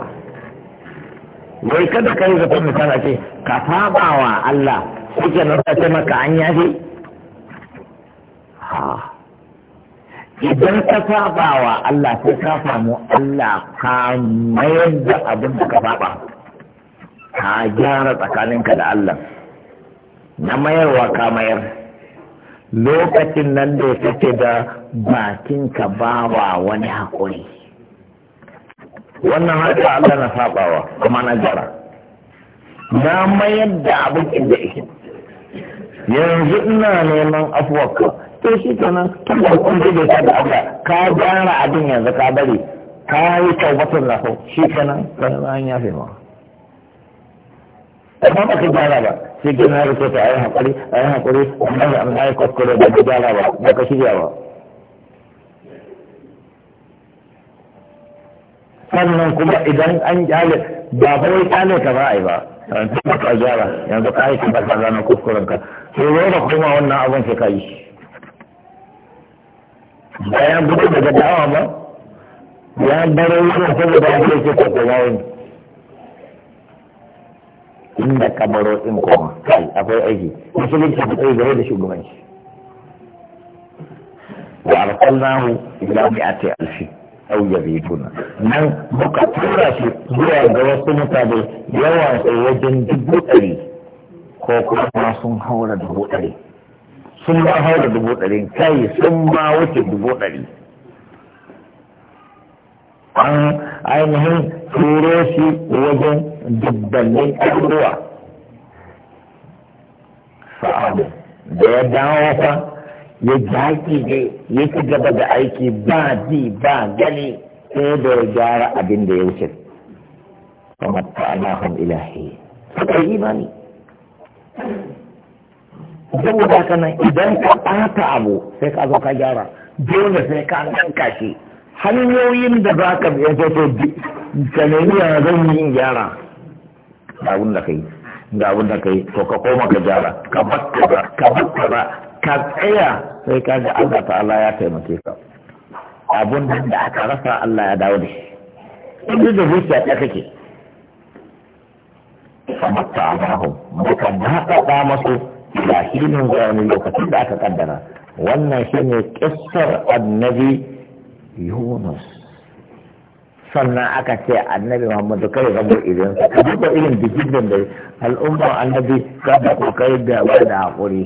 wai kada ka yi zaton misali ce ka saba wa Allah kuke nan ta maka an yafe idan ka saba wa Allah sai ka samu Allah ka mayar da abin da ka saba ka gyara tsakaninka da Allah na mayarwa ka mayar lokacin nan da kake da bakinka ba wa wani haƙuri wannan haka Allah na saɓawa kuma na jara na mayar da abin inda yake yanzu ina neman afuwarka to shi kenan tun da kun ji da Allah ka gyara abin yanzu ka bari ka yi tawbatar lahu shi ta nan an yafe ma amma ba ka gyara ba sai ba ka ba ba ka shirya ba sannan kuma idan an kyale ba kawai kyale ba a yi ba ba ka jara yanzu ka aiki ba ka gano kuskuren ka sai zai da kuma wannan abin ka yi daga dawa ya saboda ya ce yawon. inda ka baro din kai akwai aiki musulunci ba tsaye gare da shugabanci wa arsalnahu ila mi'ati alfi aw yabiduna nan muka tura shi zuwa ga wasu mutane yawan sai wajen dubu ɗari ko kuma sun haura dubu ɗari sun ma haura dubu ɗari kai sun ma wuce dubu ɗari an ainihin turo shi wajen dubbannin abubuwa sa'adu da ya dawo fa ya jaki ne ya ci gaba da aiki ba ji ba gani ko da ya gyara abin da ya wuce kamar alahun ilahi suka yi imani saboda haka nan idan ka ɓata abu sai ka zo ka gyara dole sai ka ɗanka shi hanyoyin da za ka biya to ka nemi ya zan yi gyara ga abin da kai ga abin da kai to ka koma ka jara ka bakkara ka bakkara ka tsaya sai ka ga Allah ta'ala ya taimake ka abun da aka rasa Allah ya dawo da shi inda da zuciya ta kake famatta amahum muka daɗaɗa masu lahinin wani lokacin da aka kaddara wannan shine kissar annabi Yunus sannan aka ce annabi muhammadu kai rabu idan ka duba irin digidan da al'umma annabi ka da kokari da wani da haƙuri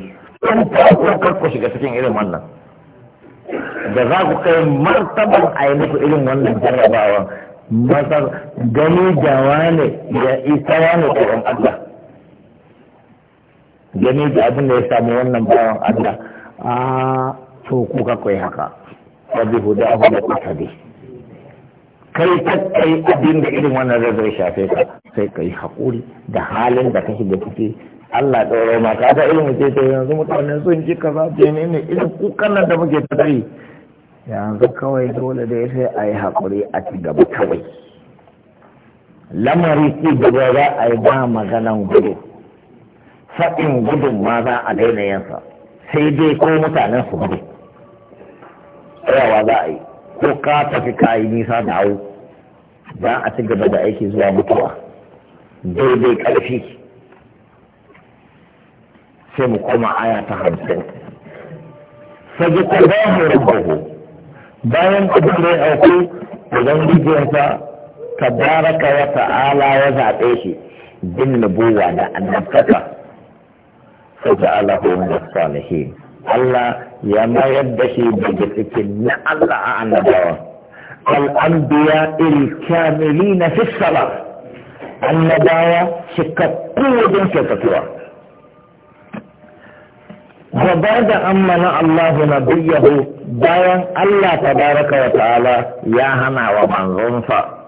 an ta kar ku shiga cikin irin wannan da za ku kai martaban a yi muku irin wannan jarrabawa masar gani da wane ya isa wane tsoron allah gani da abin da ya samu wannan bawan allah a ah, to kuka kai haka wa hudu hudahu da tahtadi kai takai abin da irin wannan zai shafe ka sai ka yi da halin da kake da kuke Allah ɗauro ma ka ta irin mutum sai yanzu mutanen sun ji ka za ta ne irin kukan nan da muke ta yi yanzu kawai dole da sai a yi haƙuri a ci gaba kawai lamari ci gaba za a yi ba maganan gudu faɗin gudun ma za a daina yansa sai dai ko mutanen su gudu tsayawa za a yi ko ka tafi ka yi nisa da hau za a ci gaba da aiki zuwa mutuwa daidai ƙarfi sai mu koma aya ta hamsin sai ta bahu rabbahu bayan ku da ya auku ka tabaraka wa ta'ala ya zaɓe shi bin nubuwa da annabtaka sai ta alahu min salihin Allah ya mayar da shi daga cikin na Allah a annabawa al'ambiya ilkamili na fissala annabawa cikakku wajen kyautatuwa gaba da ammana Allah na biyahu bayan Allah tabaraka wa ta'ala ya hana wa manzonsa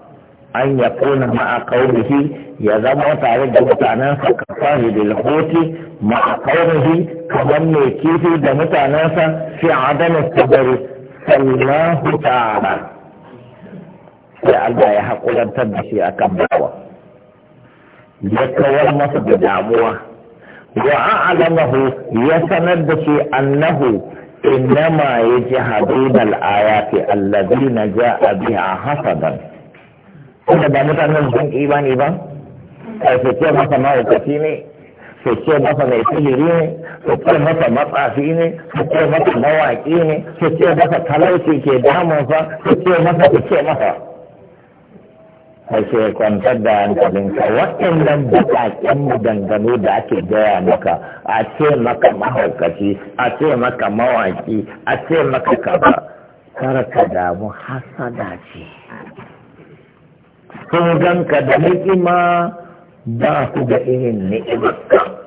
an ya kona ma'a kaunihi ya zama tare da mutanensa ka fari da lahoti ma'a kaunihi kamar mai kifi da mutanensa fi adana sabari sallahu ta'ala sai Allah ya haƙulantar da shi akan bawa ya kawar masa da damuwa wa a'lamahu ya sanar da shi annahu innama yajhaduna al-ayati alladhina ja'a biha hasadan wanda ba mutanen sun imani ba a fice masa ma'aikaci ne fice masa mai sihiri ne fice masa matsafi ne fice masa mawaƙi ne fice masa talauci ke damunsa fice masa fice masa ce kwantar da hankalinka waɗannan buƙaƙen maganganu da ake gaya maka a ce maka mahaukaci a ce maka mawaƙi a ce maka kaba kar ka damu hasada ce sun ganka da ni'ima ba ku da irin ni'imarka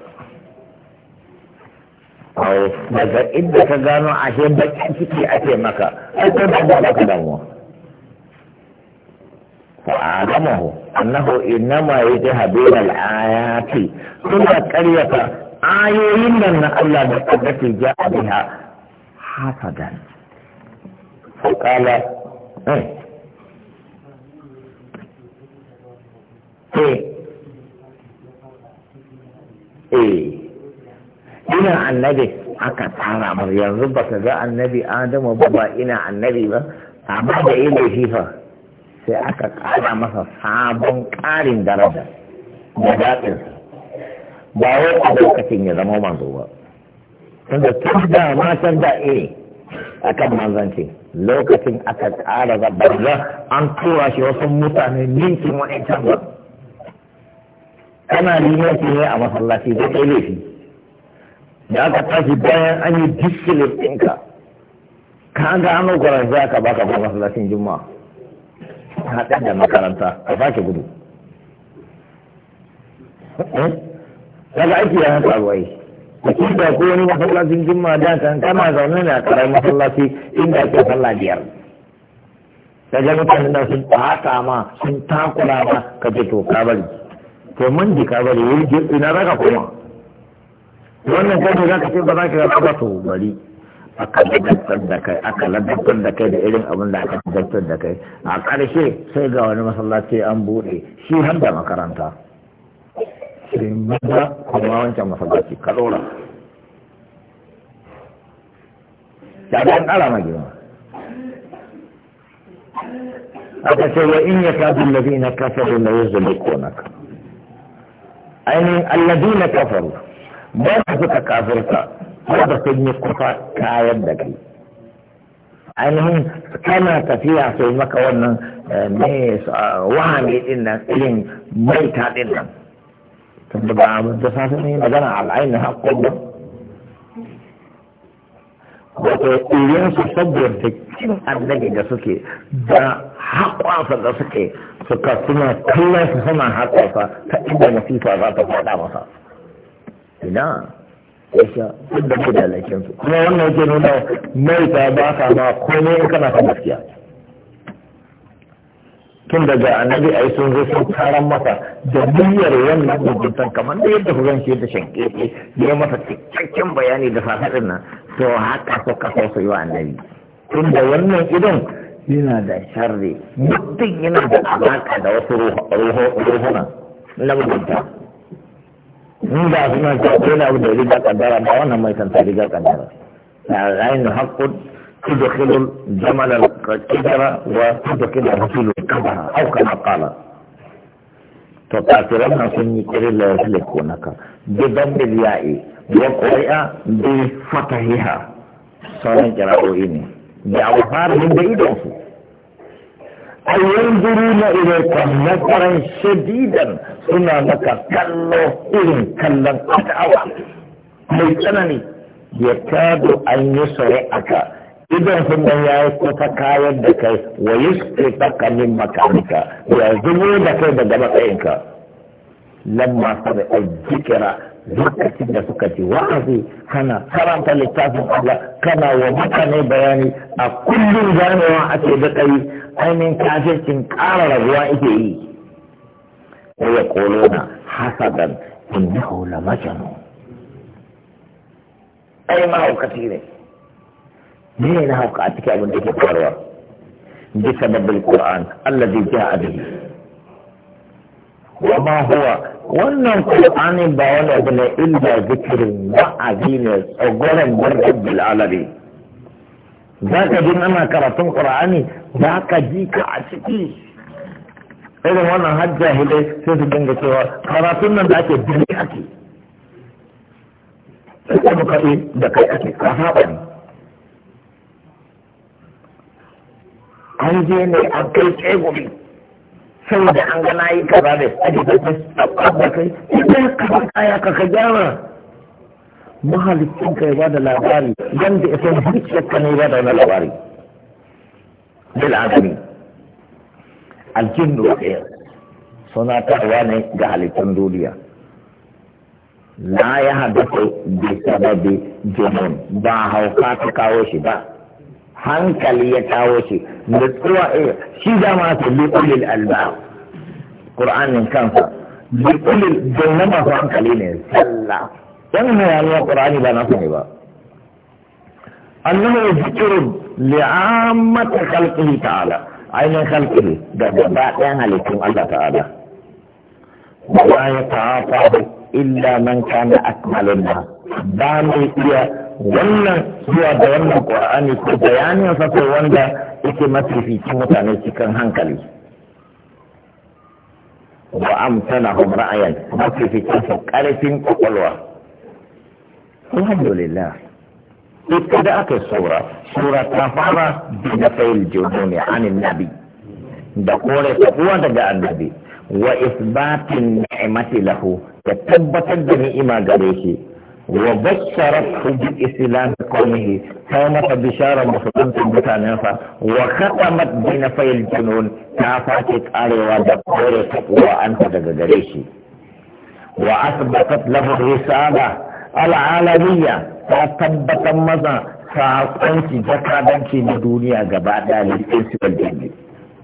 Awo, daga inda ka gano ashe bakin ciki ake maka, ai ko da ba ka damuwa. فعالمه أنه إنما يجهد إلى الآيات ثم قرية آيوين من الله التي جاء بها حسدا فقال إيه eh eh ina annabi aka tsara mar yanzu ba ka ga annabi adamu ba ba ina annabi ba amma da ina fifa sai aka kara masa sabon karin daraja da daɗinsa ba wai a lokacin ya zama manzo ba tunda tun da matan da iri a kan manzanci lokacin aka ƙara zaɓar an tura shi wasu mutane ninkin wa'ancan ba kana shi ne a masallaci da kai laifi da aka tashi bayan an yi diskilin ɗinka ka an ga ano kwarar za ka baka ba masallacin juma'a haɗe da makaranta ka sake gudu daga eh? aiki ya hanta ruwai da kuma da ko wani masallacin juma'a da kan kana zaune ne a karar masallaci inda ake sallah biyar daga mutanen da sun ɓata ma sun takura ma ka ce to ka bari to mun jika bari wuri ina za ka koma wannan kai za ka ce ba za ka ga ba to bari aka ladabtar da kai aka ladabtar da kai da irin abin da aka ladabtar da kai a ƙarshe sai ga wani masallaci an buɗe shi har da makaranta sai maza kuma wancan masallaci ka ɗora da an ƙara ma girma aka ce wa in ya kabi lafi na kasa da na أي الذين كفروا بس تكافر كا هذا تجمع كفا كاية دكي أي كما تفيع في مكة آه، آه، ونن ميس وعمي إننا إلين ميتا إننا تبقى عبد الدفاع سنين أجانا على العين حق الله wato irinsu saboda kin annabi da suke da haƙwasa da suke suka suna kallon su suna haƙwasa ta inda masifa za ta faɗa masa ina ya sha duk da su kuma wannan yake nuna mai ta ba sa ma komai in kana ta gaskiya tun daga annabi a sun zo sun karan masa da niyyar wannan muguntan kamar da yadda ku zance da shanke ya masa cikakken bayani da fasadin nan to haka so ka so su yi wa annabi tun da wannan idan yana da sharri mutum yana da alaka da wasu ruhuna na mugunta in ba suna ta na abu da riga kaddara ba wannan mai tanta riga kaddara haƙƙun تدخل جمل الكبرى وتدخل الرسول الكبرى أو كما قال تقاتلن سني لا يسلكونك بضم الياء وقرئ بفتحها صار قراءوين بأوفار من بعيد أو ينظرون إليك نظرا شديدا ثم لك كلو إن كلا أتعوى أوى يكاد أن يسرعك idan sun dan ya yi kuka kayan da kai wa yi taka min makanika ya zubo da kai daga matsayinka nan ma sabi a jikira lokacin da suka ce wa'azi kana karanta littafin Allah kana wa mutane bayani a kullum ganewa ce da kai ainihin kafircin ƙara rabuwa ike yi wa ya kolona hasadan innahu la majnun ai ma ne me na hauka a cikin abin da ke faruwa bi sababil qur'an allazi ja'a bihi wa ma huwa wannan qur'ani ba wani abu ne illa zikirin wa'azi ne tsagoran barkabbil alamin za ka ji ana karatun qur'ani za ka ji ka a ciki irin wannan har jahilai sai su dinga cewa karatun nan da ake bi ake sai muka da kai ake ka saba ne an je ne an kai sai saboda an gana yi kaza ne a ji kai da kai idan ba kaya ka ka gyara mahalicin kai ba da labari yanda isa zuciyar ka ne ba da wani labari bil adami aljinnu khair suna tarwa ne ga halittun duniya la ya haddasa bi sababi jinun ba hauka ta kawo shi ba hankali ya kawo shi nutsuwa eh, shi dama su bi ulil alba qur'anin kansa bi ulil na masu hankali ne sallah yan hayaniyar qur'ani ba nasu ne ba annahu zikrun li'ammat khalqihi ta'ala ainihin khalqihi da gaba ɗayan halittun Allah ta'ala wa ya ta'afa illa man kana akmalun ba mai iya wannan zuwa da wannan qur'ani ko bayanin sa wanda yake mafificin mutane cikin hankali wa amtana hum ra'ayan mafificin sa ƙarfin kwakwalwa alhamdulillah ita da aka saura sura ta fara bi na fayil a anin nabi da kore tafuwa daga annabi wa isbatin ni'mati lahu da tabbatar da ni'ima gare shi وبشرته بإسلام قومه كانت بشارة مسلمة بتانيفا وختمت بنفي الجنون كافاتك أريوا دكورك وأنت دقدريشي وأثبتت له الرسالة العالمية تثبت مزا ساقنك جكادنك لدنيا قبعدا للإنس والجن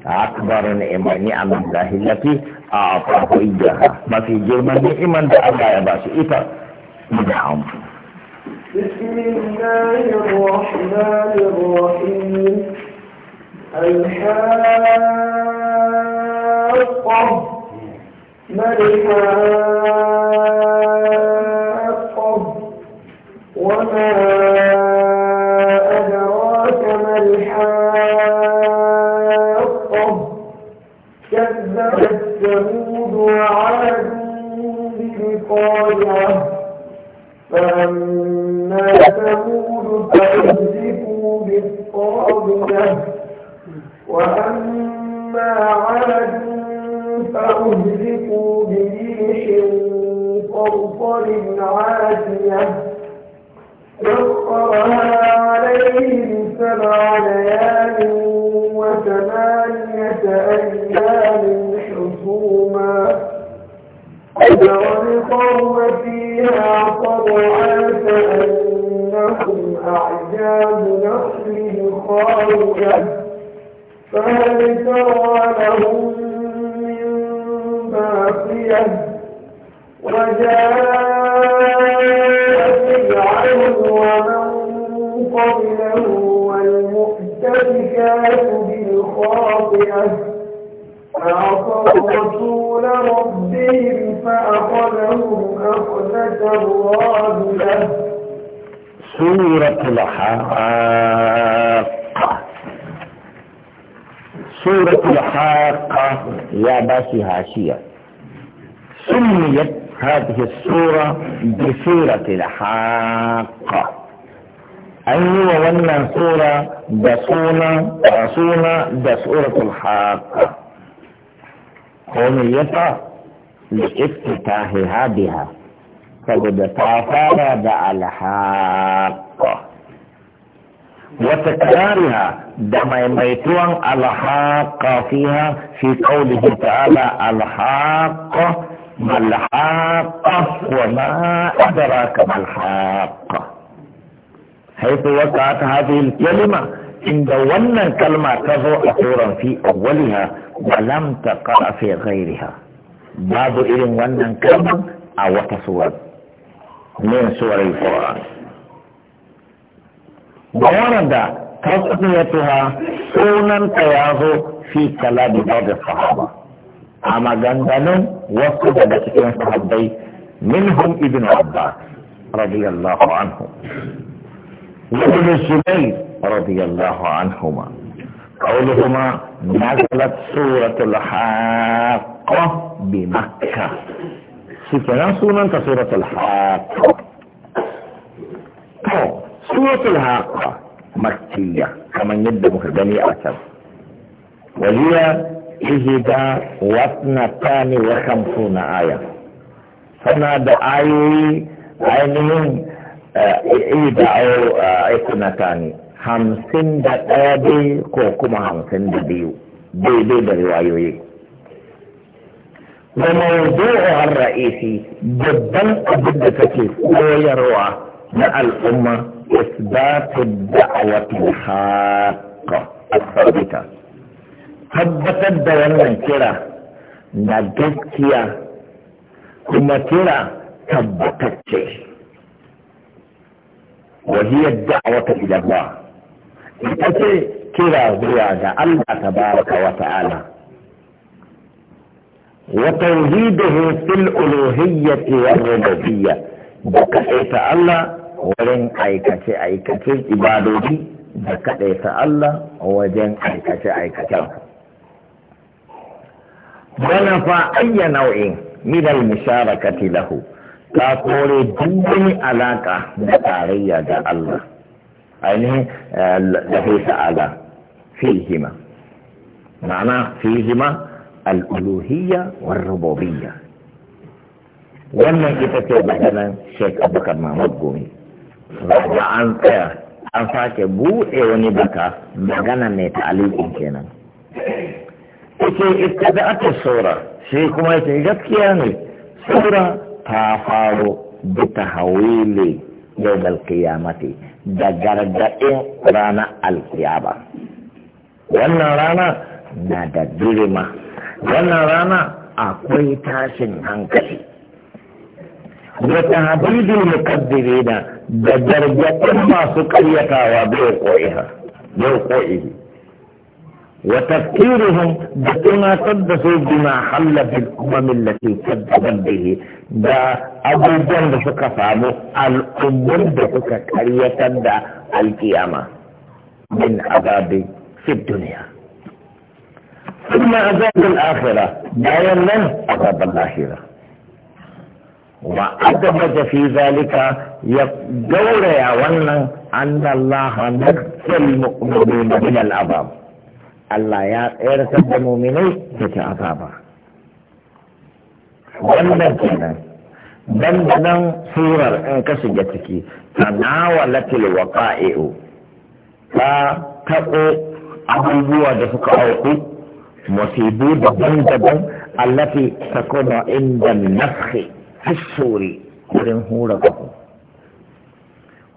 أكبر نعم من نعم الله التي أعطاه إياها ما في جرم نعم الله يباشي إيه بدعهم بسم الله الرحمن الرحيم الحق ما الحق وما أدراك ما الحق كذبت ثمود وعاد بالقارعة فأما تقول فأهلكوا بالطاغية وأما عاد فأهلكوا بريح صرصر عاتية سخرها عليهم سبع ليال وثمانية أيام حسوما أجعل قوم فيها طبعا فأنهم أعجاب نخل خاوية فهل ترى لهم من باقية وجاء فرعون ومن قبله والمؤتفكات بالخاطئة فعصوا رسول ربهم فأخذهم أخذة رادلة سورة الحاقة سورة الحاقة يا باسي هاشية سميت هذه السورة بسورة الحاقة أيوة ولنا سورة دسونا دسونا دسورة الحاقة ko لإفتتاحها بها li iftitahiha biha saboda ta fara da alhaqa وتكرارها دم ميتوان الحاق فيها في قوله تعالى الحاق ما الحاق وما أدراك ما الحاق حيث وقعت هذه الكلمة inda wannan kalma ta zo a turan fi awwaliha wa lam taqa fi ghayriha babu irin wannan kalma a wata suwar min suwarin qur'an da tasmiyatuha sunan ta ya zo fi kalabi da sahaba a maganganun wasu daga cikin sahabbai minhum ibn abbas radiyallahu anhu ibn subayr رضي الله عنهما قولهما نزلت سورة الحاقة بمكة سيكنا سورة سورة الحاقة طيب، سورة الحاقة مكية كما يد مهدني أكثر وهي إهدى واثنتان وخمسون آية فنادى دعائي عينهم إهدى أو آه، اثنتان hamsin da ɗaya dai ko kuma hamsin da biyu daidai da riwayoyi da mawdu'uhar ra'isi babban abin da take koyarwa na al'umma isbatu haka a asabita tabbatar da wannan kira da gaskiya kuma kira tabbatacce wa hiya idan ba ita ce kira zuwa ga Allah baraka wa ta'ala wa tawhiduhu fil uluhiyyati wa rububiyya da kaɗaita Allah wurin aikace aikace ibadoji da kaɗaita Allah wajen aikace aikace Bana fa ayya nau'in minal musharakati lahu ta kore duk wani alaka da tarayya da Allah. أنه الذي سأل فيهما معنى فيهما الألوهية والربوبية وأنه كتا تيب مثلا شيخ أبو بكر محمد قومي رجع عن إيه أنفع كبو إيواني بكا مغانا ميت علي إنكينا إيكي إبتدأت الصورة شيخ ما يتجد كياني صورة تافارو بتحويلي laidar kiyamati da gargaɗin rana alkiyama wannan rana na da girma. wannan rana akwai tashin hankali wata habibin mukaddire da gargaɗin masu ƙaryatawa bai bai ko'ihi وتذكيرهم بما قدسوا بما حل في الامم التي كذبت به دا ابو جند سكا الامم دا كرية دا القيامة من عذاب في الدنيا ثم عذاب الاخرة دايما من عذاب الاخرة وأدمج في ذلك يقول يا ولن أن الله نجى المؤمنين من العذاب Allah ya tsayar da muminai ta azaba wannan kenan dandanan surar in ka shiga ciki tanawalatil waqa'i'u ta taɓo abubuwa da suka auku musibu daban-daban allati takuna inda nafhi hasuri wurin hura kafu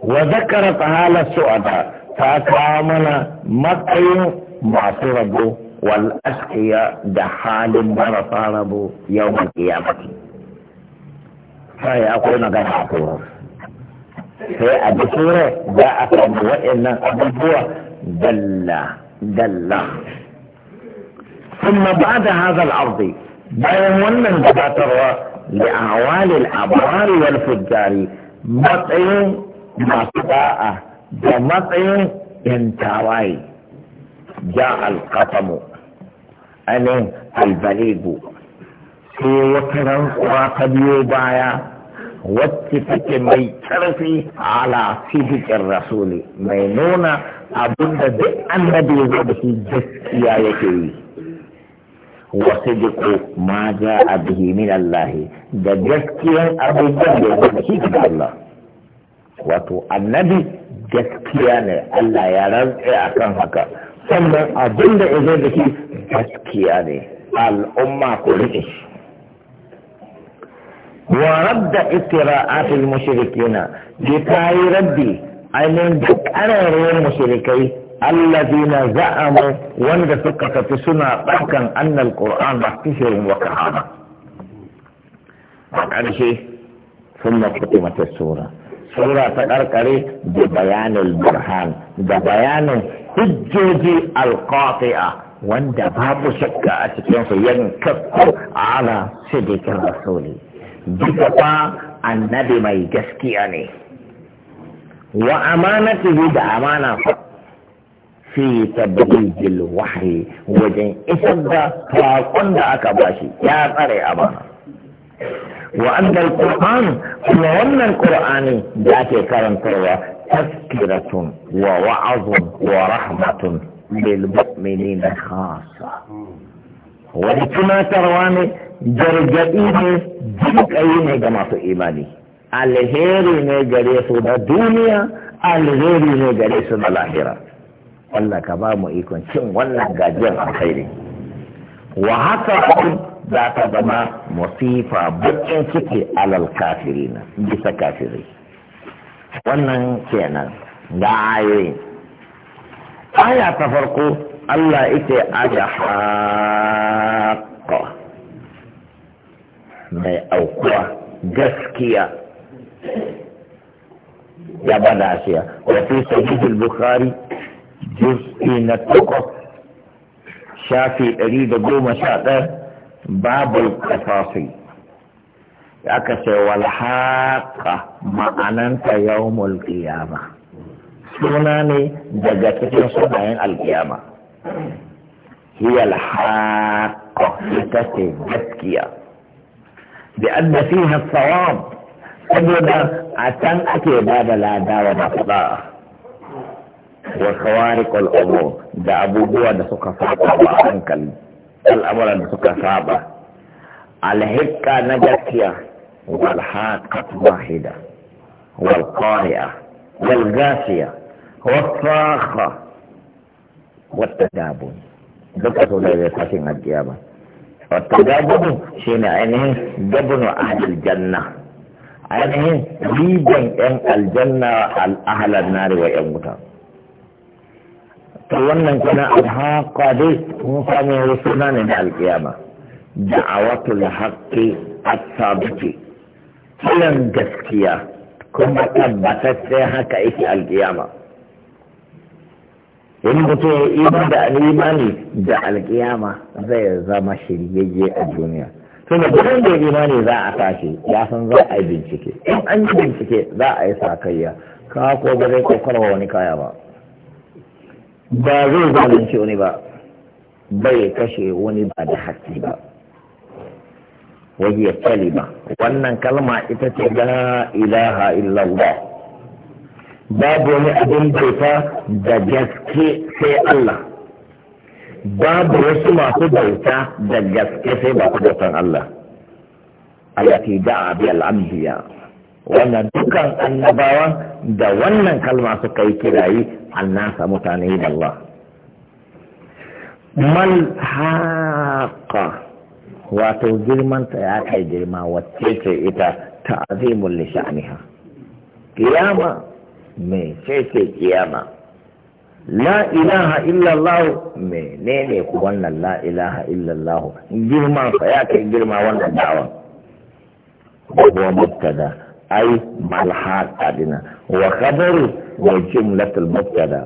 wa zakara tahala su'ada ta kawo mana matsayin معترضه والأسقية دحال بر طالب يوم القيامة فهي أقول نقل حقوق في أبي سورة جاء أقل وإن أبي دل دل ثم بعد هذا الأرض بين ومن تباتر لأعوال الأبرار والفجار مطعم مصداء بمطعم انتواي جاء القطم أنا البليغ في وترا وقد يبايا واتفك مي ترفي على صدق الرسول مينونا أبدا دي النبي وده جسيا يكي وصدق ما جاء به من الله ده جسيا أبدا يكي الله وتو النبي gaskiya ne Allah ya rantse a kan haka sannan abin da izo da shi gaskiya ne al'umma ku riƙe shi wa radda ittira'atil mushrikina bi kai rabbi ainihin da ƙararrawar mushrikai allazina za'amu wanda suka tafi suna ɗaukan annal qur'an ba kishirin wa kahana a ƙarshe sun mafi mata sura sura ta ƙarƙare da bayanin burhan da bayanin hujjoji alqati'a wanda babu shakka a cikin su yankakku ala sidikin rasuli duka fa annabi mai gaskiya ne wa amanatihi da amana fi tabrijil wahyi wajen isar da saƙon da aka bashi ya tsare amana wa annal qur'an kuma wannan qur'ani da ake karantarwa تذكرة ووعظ ورحمة للمؤمنين خاصة ولكما ترواني جرجئين جنك أيين جماعة إيماني الهير نجريس الدنيا الهير نجريس الآخرة والله كبام إيكون شم والله قادر خيري وحتى ذات دماء مصيفة بقين على الكافرين بس كافرين wannan kenan da ayoyi aya ta farko Allah ita aja haƙa mai aukuwa gaskiya ya bada shiya wafi sahihul bukhari juz'i na takwas shafi ɗari da goma sha ɗaya babu kafafai aka ce wal haqa ma'ananta yawmul qiyama suna ne daga cikin sunayen alkiyama hiya al haqa ita ce gaskiya bi anna fiha thawab saboda a can ake ba da lada wa mafaɗa wa kawariƙul umur da abubuwa da suka saba ba hankali al'amuran da suka saba alhikka na gaskiya والحاقة واحدة والقارئة والغاسية والصاخة والتدابن ذكرت لي قسم الجيابة والتدابن شين عينه يعني دبن أهل الجنة عينه يعني ريبن أن الجنة أهل النار ويموتها تولنا wannan kana alhaqa dai mun samu wasu nan da alkiyama da'awatul kiran gaskiya kuma tabbatacce haka yake alkiyama in mutum ya iman da imani da alkiyama zai zama shiryayye a duniya tun da duk da imani za a tashi ya san za a yi bincike in an yi bincike za a yi sakayya ka ko ba zai kokarwa wani kaya ba ba zai zalunci wani ba bai kashe wani ba da haƙƙi ba وهي كلمة وأن كلمة إتت لا إله إلا الله باب أبن بيتا دجسكي في الله باب رسمة بيتا دجسكي في بقدة الله التي دعا بها الأنبياء وأن دكان النبوة da wannan kalma suka yi kirayi annasa mutane da Allah man haqa wato girman ta ya kai girma wacce ce ita ta'azimul li sha'niha kiyama me ce ce kiyama la ilaha illallah me ne ne ku wannan la ilaha illallah girma fa ya kai girma wannan dawa da'awa ai مبتدا dina wa علينا wa jumlatul المبتدا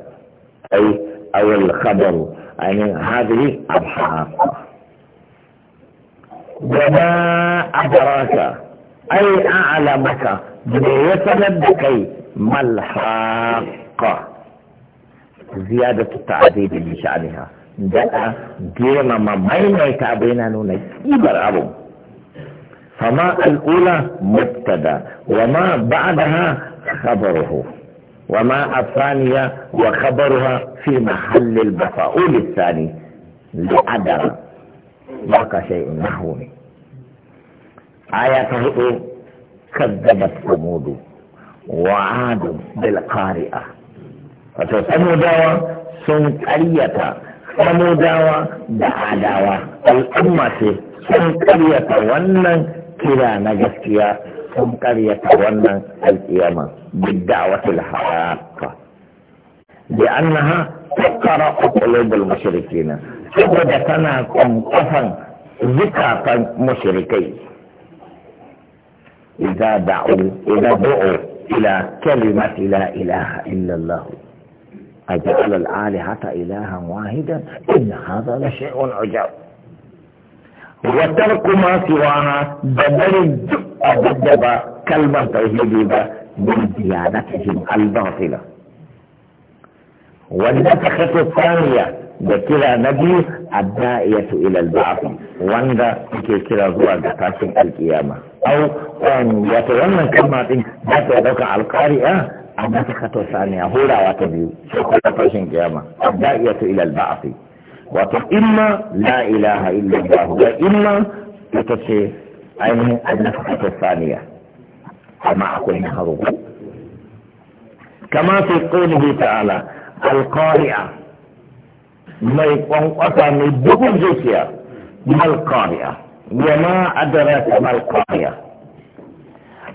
ai awal الخبر ani hadhihi الحاقة وما أدراك أي أعلمك ليتنبك ما الحق زيادة التعذيب من شأنها دقا ديما ما بين يتعبينا نوني كبر أبو فما الأولى مبتدا وما بعدها خبره وما الثانية وخبرها في محل البفاؤول الثاني لأدر بقى شيء نحوني آياته كذبت ثمود وعاد بالقارئة فتثمودوا سن قرية ثمود دعادوا الأمة سن قرية ونن كلا نجسكيا سن قرية ونن القيامة بالدعوة الحق لأنها تقرأ قلوب المشركين saboda كم قفا ذكرة مشركين إذا دعوا إذا دعوا إلى كلمة لا إله إلا الله أجعل الآلهة إلها واحدا إن هذا لشيء عجاب وترك ما سواها بدل الدب كلمة توحيد من ديانتهم الباطلة والنفخة الثانية da kira na biyu adda'iyatu ila al-ba'th wanda yake kira zuwa ga tashin alkiyama au an wato wannan kalma din da ta dauka alqari'a amma ta kato sani a horawa ta biyu ko ta tashin kiyama adda'iyatu ila al-ba'th wato imma la ilaha illa allah wa imma ita ce ainihin annafaqatu saniya amma akwai na haruku kama fi qawlihi ta'ala al-qari'a mai kwankwasa mai bugun zuciya malkariya wama adraka malkariya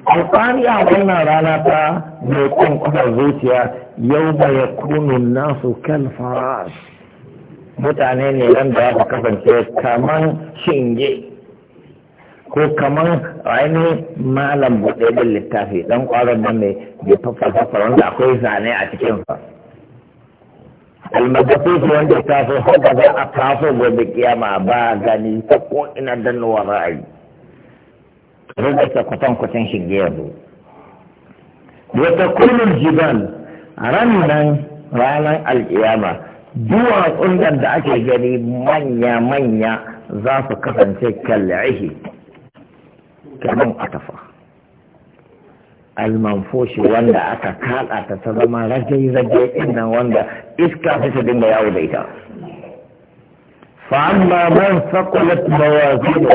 alkariya wannan rana ta mai kwankwasa zuciya yau da ya kunu nasu faras. mutane ne nan da aka kasance kaman shinge ko kamar raini, malam buɗe littafi ɗan ƙwarar da mai fafafa wanda akwai zane a cikinsa. almagafi su wanda ta so haka za a taso gobe kiyama ba gani ta ko ina dannuwa ra'ayi rage ta kwatan kwatan shige yanzu wata kullum jibal ranar ranar alkiyama duwatsun da ake gani manya-manya za su kasance kallihi kamar atafa almanfoshi wanda aka kaɗa ta ta zama rage-rage ina wanda iska ta ta dinga yawo da ita fa'amma man sakulat mawazinu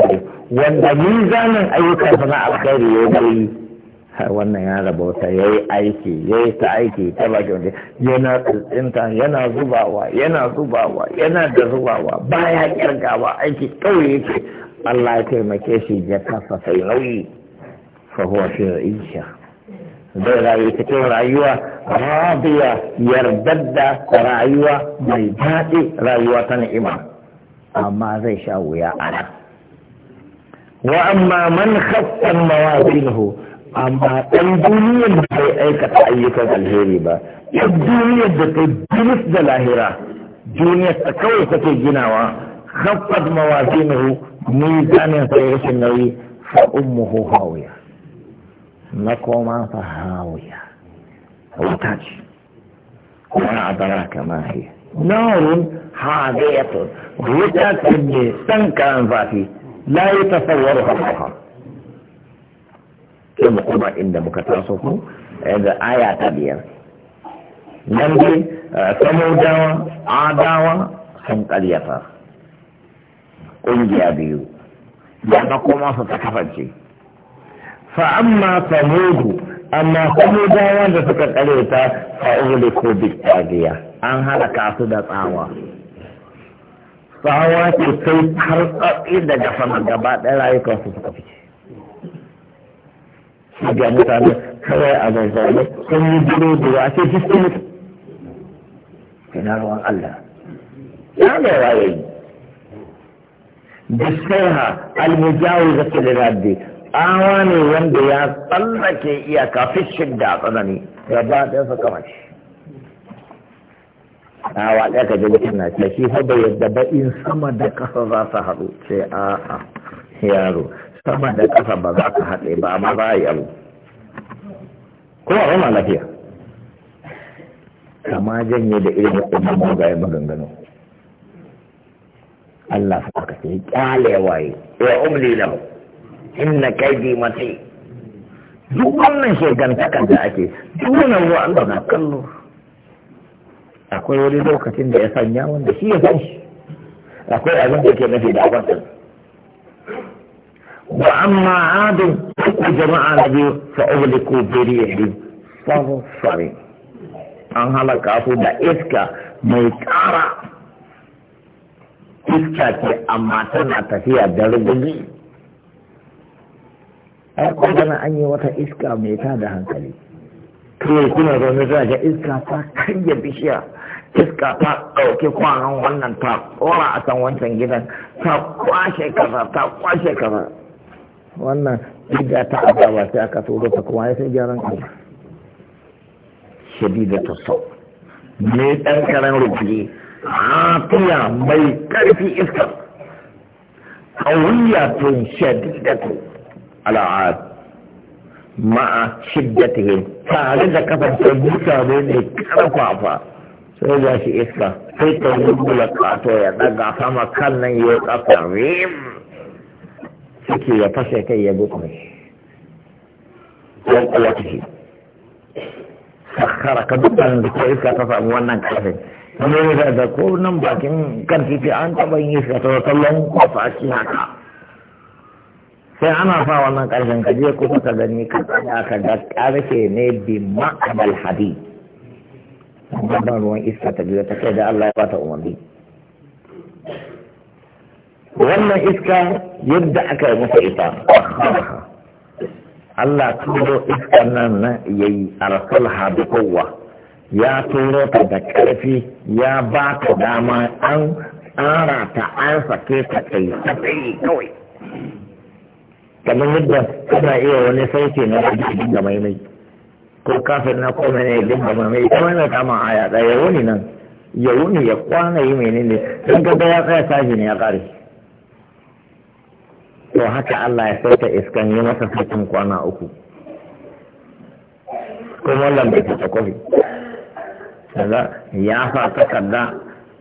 wanda mizanin ayyukan sana alkhairi ya yi wannan ya raba wata ya yi aiki ya yi ta aiki ta baki wanda yana tsintsinta yana zubawa yana zubawa yana da zubawa baya kirgawa aiki kawai yake Allah ya taimake shi ya kasa sai nauyi fa huwa fi isha بلغة يتكلم رأيوة راضية يردد رأيوة ميتات رأيوة نئمة أما ذي شاو يا أنا وأما من خف الموازينه أما الدنيا بأي أيكة أيكة الهريبة الدنيا بأي بنس دلاهرة دنيا تكوي تكي جناوة خفت موازينه ميزانه سيغش النوي فأمه هاوية makoma fa hawiya wata ce wani abara kama shi narun hadiyatun wuta ce ne san kan zafi la yi tasawwar hafaha ke mu kuma inda muka taso ku da aya ta biyar nan dai eh, samudawa adawa sun karyata ƙungiya biyu ya kuma su ta kafance فأما ثمود أما ثمود وانت سكت عليتا فأغلقوا بالتاغية أن هذا كاسودة طاوة طاوة تسي حرق إذا جفن قبات لا يكون سكفي سيجاني تاني mutane kawai a zanzane sun yi biro da wace fiskini. Ina ruwan Allah. Ya المجاوزة للردي tsawa ne wanda ya tsallake iyaka fi da tsanani ya ba ɗaya yasa kama shi a waɗe ka jirgin na ce shi fa yadda ba in sama da ƙasa za su haɗu ce a a yaro sama da ƙasa ba za ka haɗe ba amma za a yi abu kuma a ma lafiya kama janye da irin ga yi maganganu Allah sa ka ce ƙyale waye ya umli lahu inna kaidi mati duk wannan shegantakan da ake duk wannan ruwa Allah na kallo akwai wani lokacin da ya sanya wanda shi ya san shi akwai abin da ke nufi da abin wa amma adin ku jama'a na biyu fa ugliku bi rihi sarfari an halaka su da iska mai kara iska ce amma tana tafiya da rubuni ai magana an yi wata iska mai ta da hankali kawai kuna zaune za ga iska ta karya bishiya iska ta ɗauki kwanon wannan ta kora a san wancan gidan ta kwashe kaza ta kwashe kaza wannan iska ta azaba sai aka tsoro ta kuma ya sai gyaran kai da ta sau me ɗan karen a tuya mai ƙarfi iskar wuya tun da ta al'ad ma'a shiddatihim tare da kasance mutane ne karfafa sai ga shi iska sai ta bula kato ya daga sama kan nan ya kafa rim suke ya fashe kai ya bukwai ko kuwa shi sakara ka dukkan da ke iska ta samu wannan karfin ne da ko nan bakin kan titi an taɓa yin iska ta wata lankwafa shi haka sai ana sa wannan ƙarshen ka je kusa ka gani ka tsaya ka ga ƙarshe ne bi ma'abal hadi amma ruwan iska ta biyo ta kai da Allah ya bata umarni wannan iska yadda aka yi masa ita Allah turo iska nan na yayi arsal hadu kowa ya turo ta da ƙarfi ya ba ta dama an tsara ta an sake ta kawai kamar yadda kana iya wani sauke na abin da mai mai ko kafin na kome ne dinga mai mai kuma na kama aya da ya wuni nan ya wuni ya kwana yi mai ne in gaba ya tsaya sashi ne ya kare to haka Allah ya sauka iskan yi masa sakin kwana uku kuma wannan bai fita kofi ya fa takarda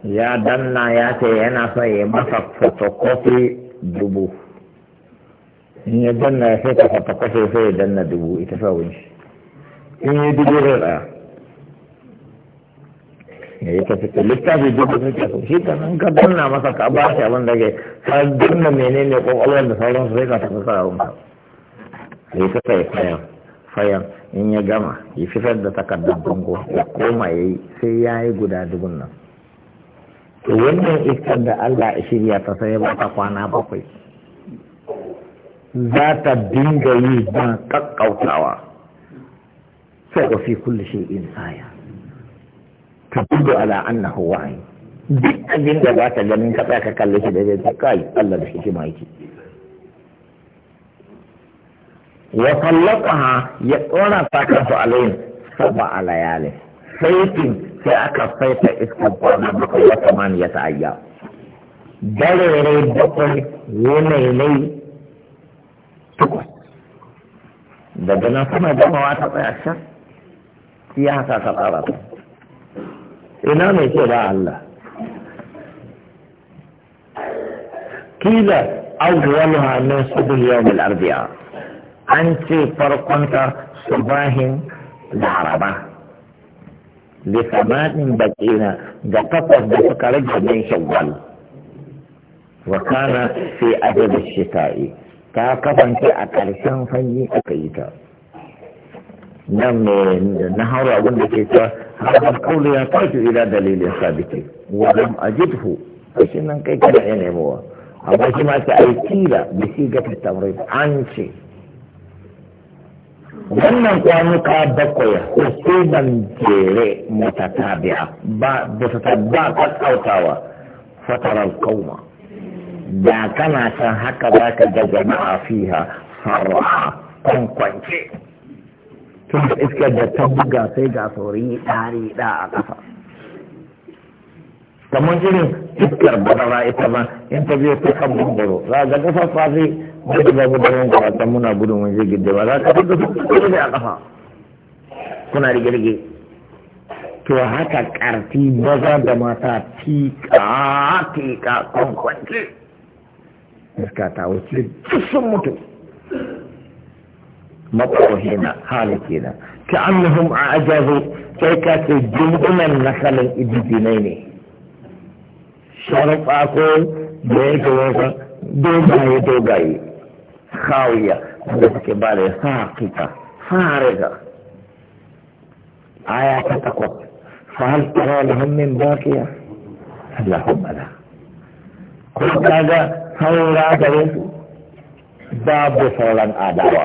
ya danna ya ce yana son ya masa fotokofi dubu in ya danna ya sai kafa ta kwashe sai ya danna dubu ita sa wunshi in yi dubu zai tsaya ya yi tafi ta littafi dubu sun kyasu shi ka san ka danna masa ka ba shi abin da ke ka danna menene kwakwalwar da sauransu sai ka tafi sa abin ka sai ka ya fayan fayan in ya gama ya fitar da takardar dango ya koma ya yi sai ya yi guda dubun nan to wannan iskar da Allah ya shirya ta sai ya ba ta kwana bakwai za ta dinga yi ba kakkautawa sai ga fi shi in saya ta dubu ala annahu wa'i duk abin da za ta ganin ka ka kalle shi da zai kai Allah da shi ma yake wa tallaqaha ya tsora ta su alayhi sab'a layali saitin sai aka saita ba na bakwai ya ta ayya dare rai bakwai yanayi takwas daga nan kuma gamawa ta tsaya can iya haka ka tsara ta ina mai ce ba Allah kila awwaluha min subul yawm al-arbi'a an ce farkon ta subahin laraba da samanin bakina da takwas da suka rage min shawwal wa kana fi adad ash-shita'i ta kafance a ƙarshen sanyi aka yi ta nan ne na haura abin da ke cewa haɗar kaulu ya tafi ila dalilin sabiti wajen ajidhu a shi nan kai kana ya nemowa amma shi ma ta aiki da shi ga tattamrai an ce wannan kwanuka bakwai ban jere mutatabi'a ba ba ta ba kakkautawa fatarar kauma da kana san haka za ka ga jama'a fiha sarra kwankwance tun da iskar da ta buga sai ga sauri ɗari ɗa a ƙasa kamar irin iskar badara ita ba, in ta biyo ta kan bangaro za ga ƙasa fa zai gudu da gudu mun kwata muna gudun mun je gidda ba za ka ga su da a ƙasa kuna rige-rige to haka ƙarfi maza da mata tika tika kwankwance iska ta wuce sun mutu makwahina hali kenan ka annahum a ajazu sai ka ce jumbunan nasalin ibidinai ne sharuɓa ko da yake wasa dogaye dogaye khawiya da suke ba da sa hakika sa harika aya ta takwas fa hal tara lahum min baqiya allahumma la ko kaga saura gare su babu sauran adawa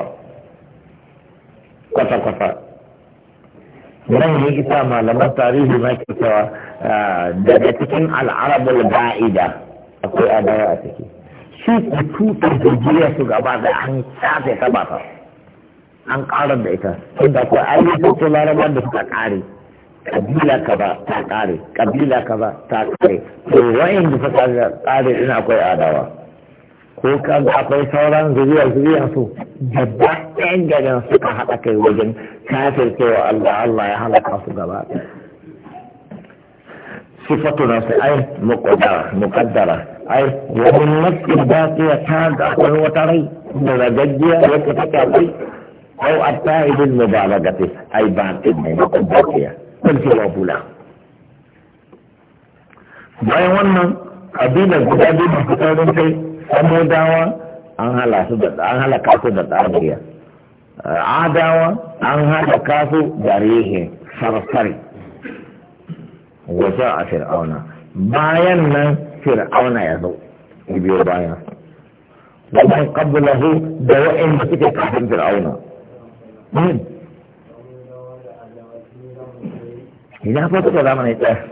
kwata-kwata nan yi isa malaman tarihi na kyautawa ah, daga cikin al'arabul ba'ida akwai adawa a ciki su ku tuta jirgiya su gaba da an shafe ta ba an karar da ita inda akwai ayyukan su larabar da suka kare kabila kaza ta kare kabila kaza ta kare to wayan da suka kare ina akwai adawa ko kan akwai sauran zuriya zuriya su gaba ɗayan garin suka haɗa kai wajen kafir cewa Allah Allah ya halaka su gaba sifatu na su ai muqaddara muqaddara ai wa min nafsin baqiya ta da akwai wata rai da ragaggiya wacce take akwai au attaibul mubalagati ai baqin ne muqaddara kullu wa bula bayan wannan kabilar guda biyu da fitarin kai Amudawa an halaka su da tsariya. Adawa an halaka su da rihin sarsari. Wasu a Fir'auna. Bayan nan Fir'auna ya zo, biyo bayan. Wannan ƙabbalahu da wa'in da suke kafin Fir'auna. Hmm. Ina fata da zamani ɗaya.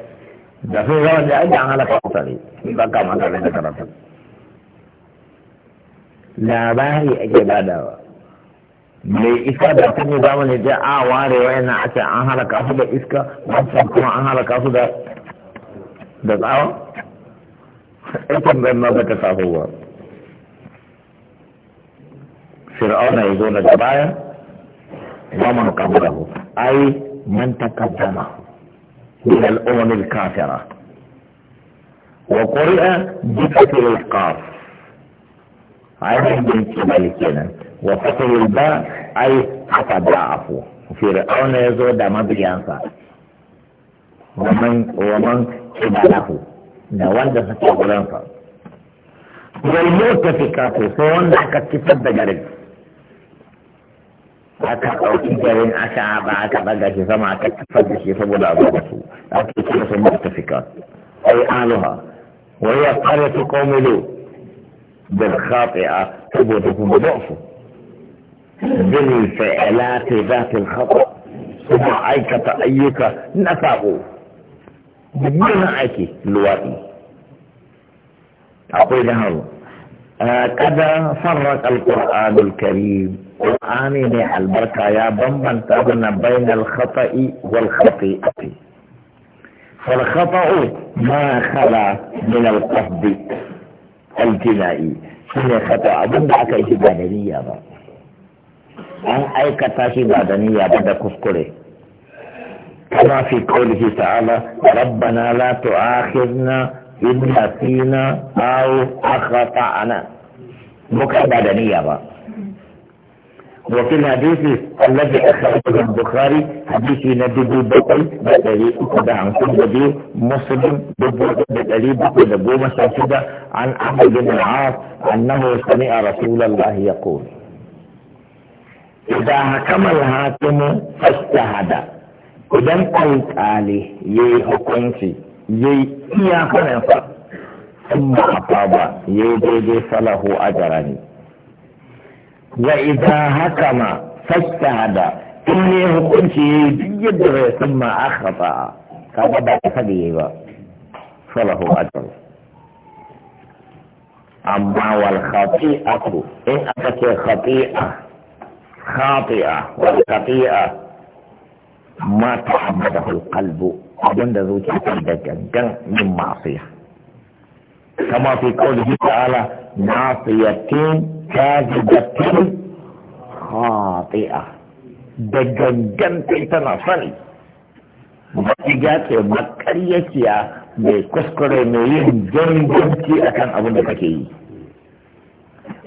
Da sun zama da ake an halaka su tare. Ba ka mata da karatun. labari ake badawa mai iska da ta ne zamani ta a ware wa yana a an halaka su da iska wancan kuma an halaka su da da tsawa Ita bai ma bata sahu ba fir'auna ya zo daga baya wa man qablahu ai man taqaddama min al-umam al-kafira wa quri'a bi al-qaf عدد من كبالكنا وفتح الباء أي أتضاعفوا فرعون يزود مبيانسا ومن ومن كباله نوال دفع كبالانسا Wai سوان لك sai wanda aka ɗauki garin aka haɓa aka ɗaga shi sama aka tafar da shi saboda abu da su aka ce su mutafika ai aluha wai ya fara su komulo بالخاطئة ثبوتكم ضعفه بالفعلات ذات الخطأ ثم أيكة أيك نفعه بدون أيك الوائي أقول له قد فرق القرآن الكريم قرآن البركة يا بمن تبنى بين الخطأ والخطيئة فالخطأ ما خلا من القصد الجنائي شنو خطا ابن بعك ايش بدني يا با ان اي كتاشي بدني يا بدا كفكره كما في قوله تعالى ربنا لا تؤاخذنا ان نسينا او اخطانا بكره يا با وفي الحديث الذي أخرجه البخاري حديث نبي بطل بدلي أكد عن كل مسلم بدلي بطل أبو مسافدة عن أحمد بن العاص أنه سمع رسول الله يقول إذا حكم الحاكم فاجتهد إذا قلت عليه يي حكمتي يي إياك ثم أصاب يي دي فله أجرني وإذا هكما فاجتهد إني يهكمشي جيد ثم أخطأ كما بعد إيوه. فله أجر أما والخطيئة إن أتت خطيئة خاطئة والخطيئة ما تعبده القلب عند ذو تحدث من معصيه كما في قوله تعالى ناصية كاذبة خاطئة دجنجن تيتنا صلي نتيجة مكرية mai kuskure mai yin ganganci akan abin da kake yi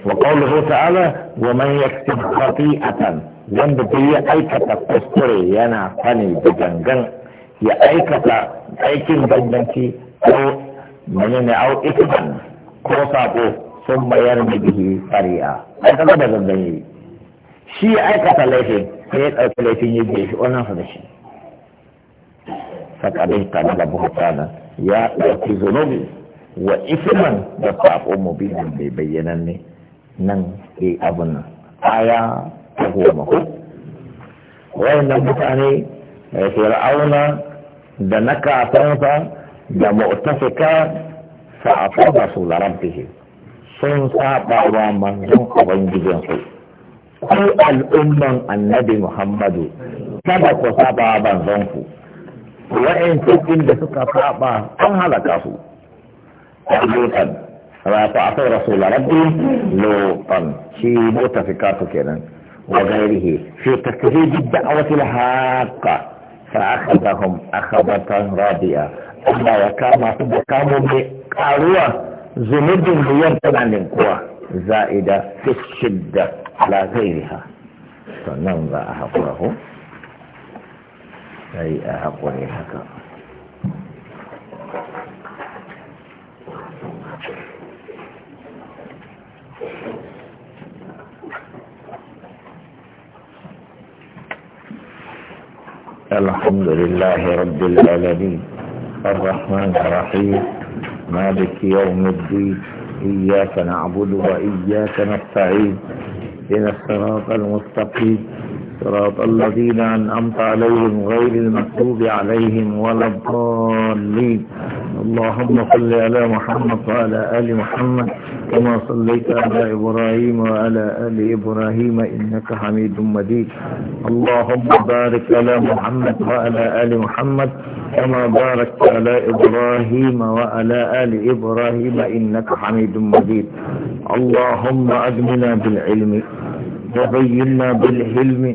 wa qawluhu ta'ala wa man yaktub khati'atan wanda bai ya aikata kuskure yana sani da gangan ya aikata aikin ganganci ko mene ne au ikiman ko sako sun bayar da bihi tsari'a an kasa da zanzan yi shi ya aikata laifin sai ya ɗauki laifin ya biye shi wannan su da shi faƙaɗe ta daga ya ɗauki zunubi wa ikiman da sako mubinin bai bayyanan ne nan ke abin nan aya ta goma ko wayannan mutane eh, fir'auna da na kafansa da mu'tafika fa aqaba su rabbihim sun saba wa manzon ubangijinsu ku al'umman annabi muhammadu kada ku saba wa manzonku wa'in cikin da suka saba an halaka su ayyukan rafa akai rasul rabbi lutan shi mutafikatu kenan wa ghairihi fi takfiri da'awati al-haqqa fa akhadahum akhadatan radiya Allah ya kama su da kamo mai karuwa zunubin biyan tana ninkuwa za'ida fi shidda la ha to nan za a haƙura ko sai a haƙure haka الحمد لله رب العالمين الرحمن الرحيم مالك يوم الدين إياك نعبد وإياك نستعين إلى الصراط المستقيم صراط الذين أنعمت عليهم غير المكتوب عليهم ولا الضالين اللهم صل على محمد وعلى آل محمد كما صليت على إبراهيم وعلى آل إبراهيم إنك حميد مجيد اللهم بارك على محمد وعلى آل محمد كما باركت على إبراهيم وعلى آل إبراهيم إنك حميد مجيد اللهم أجمنا بالعلم وبينا بالحلم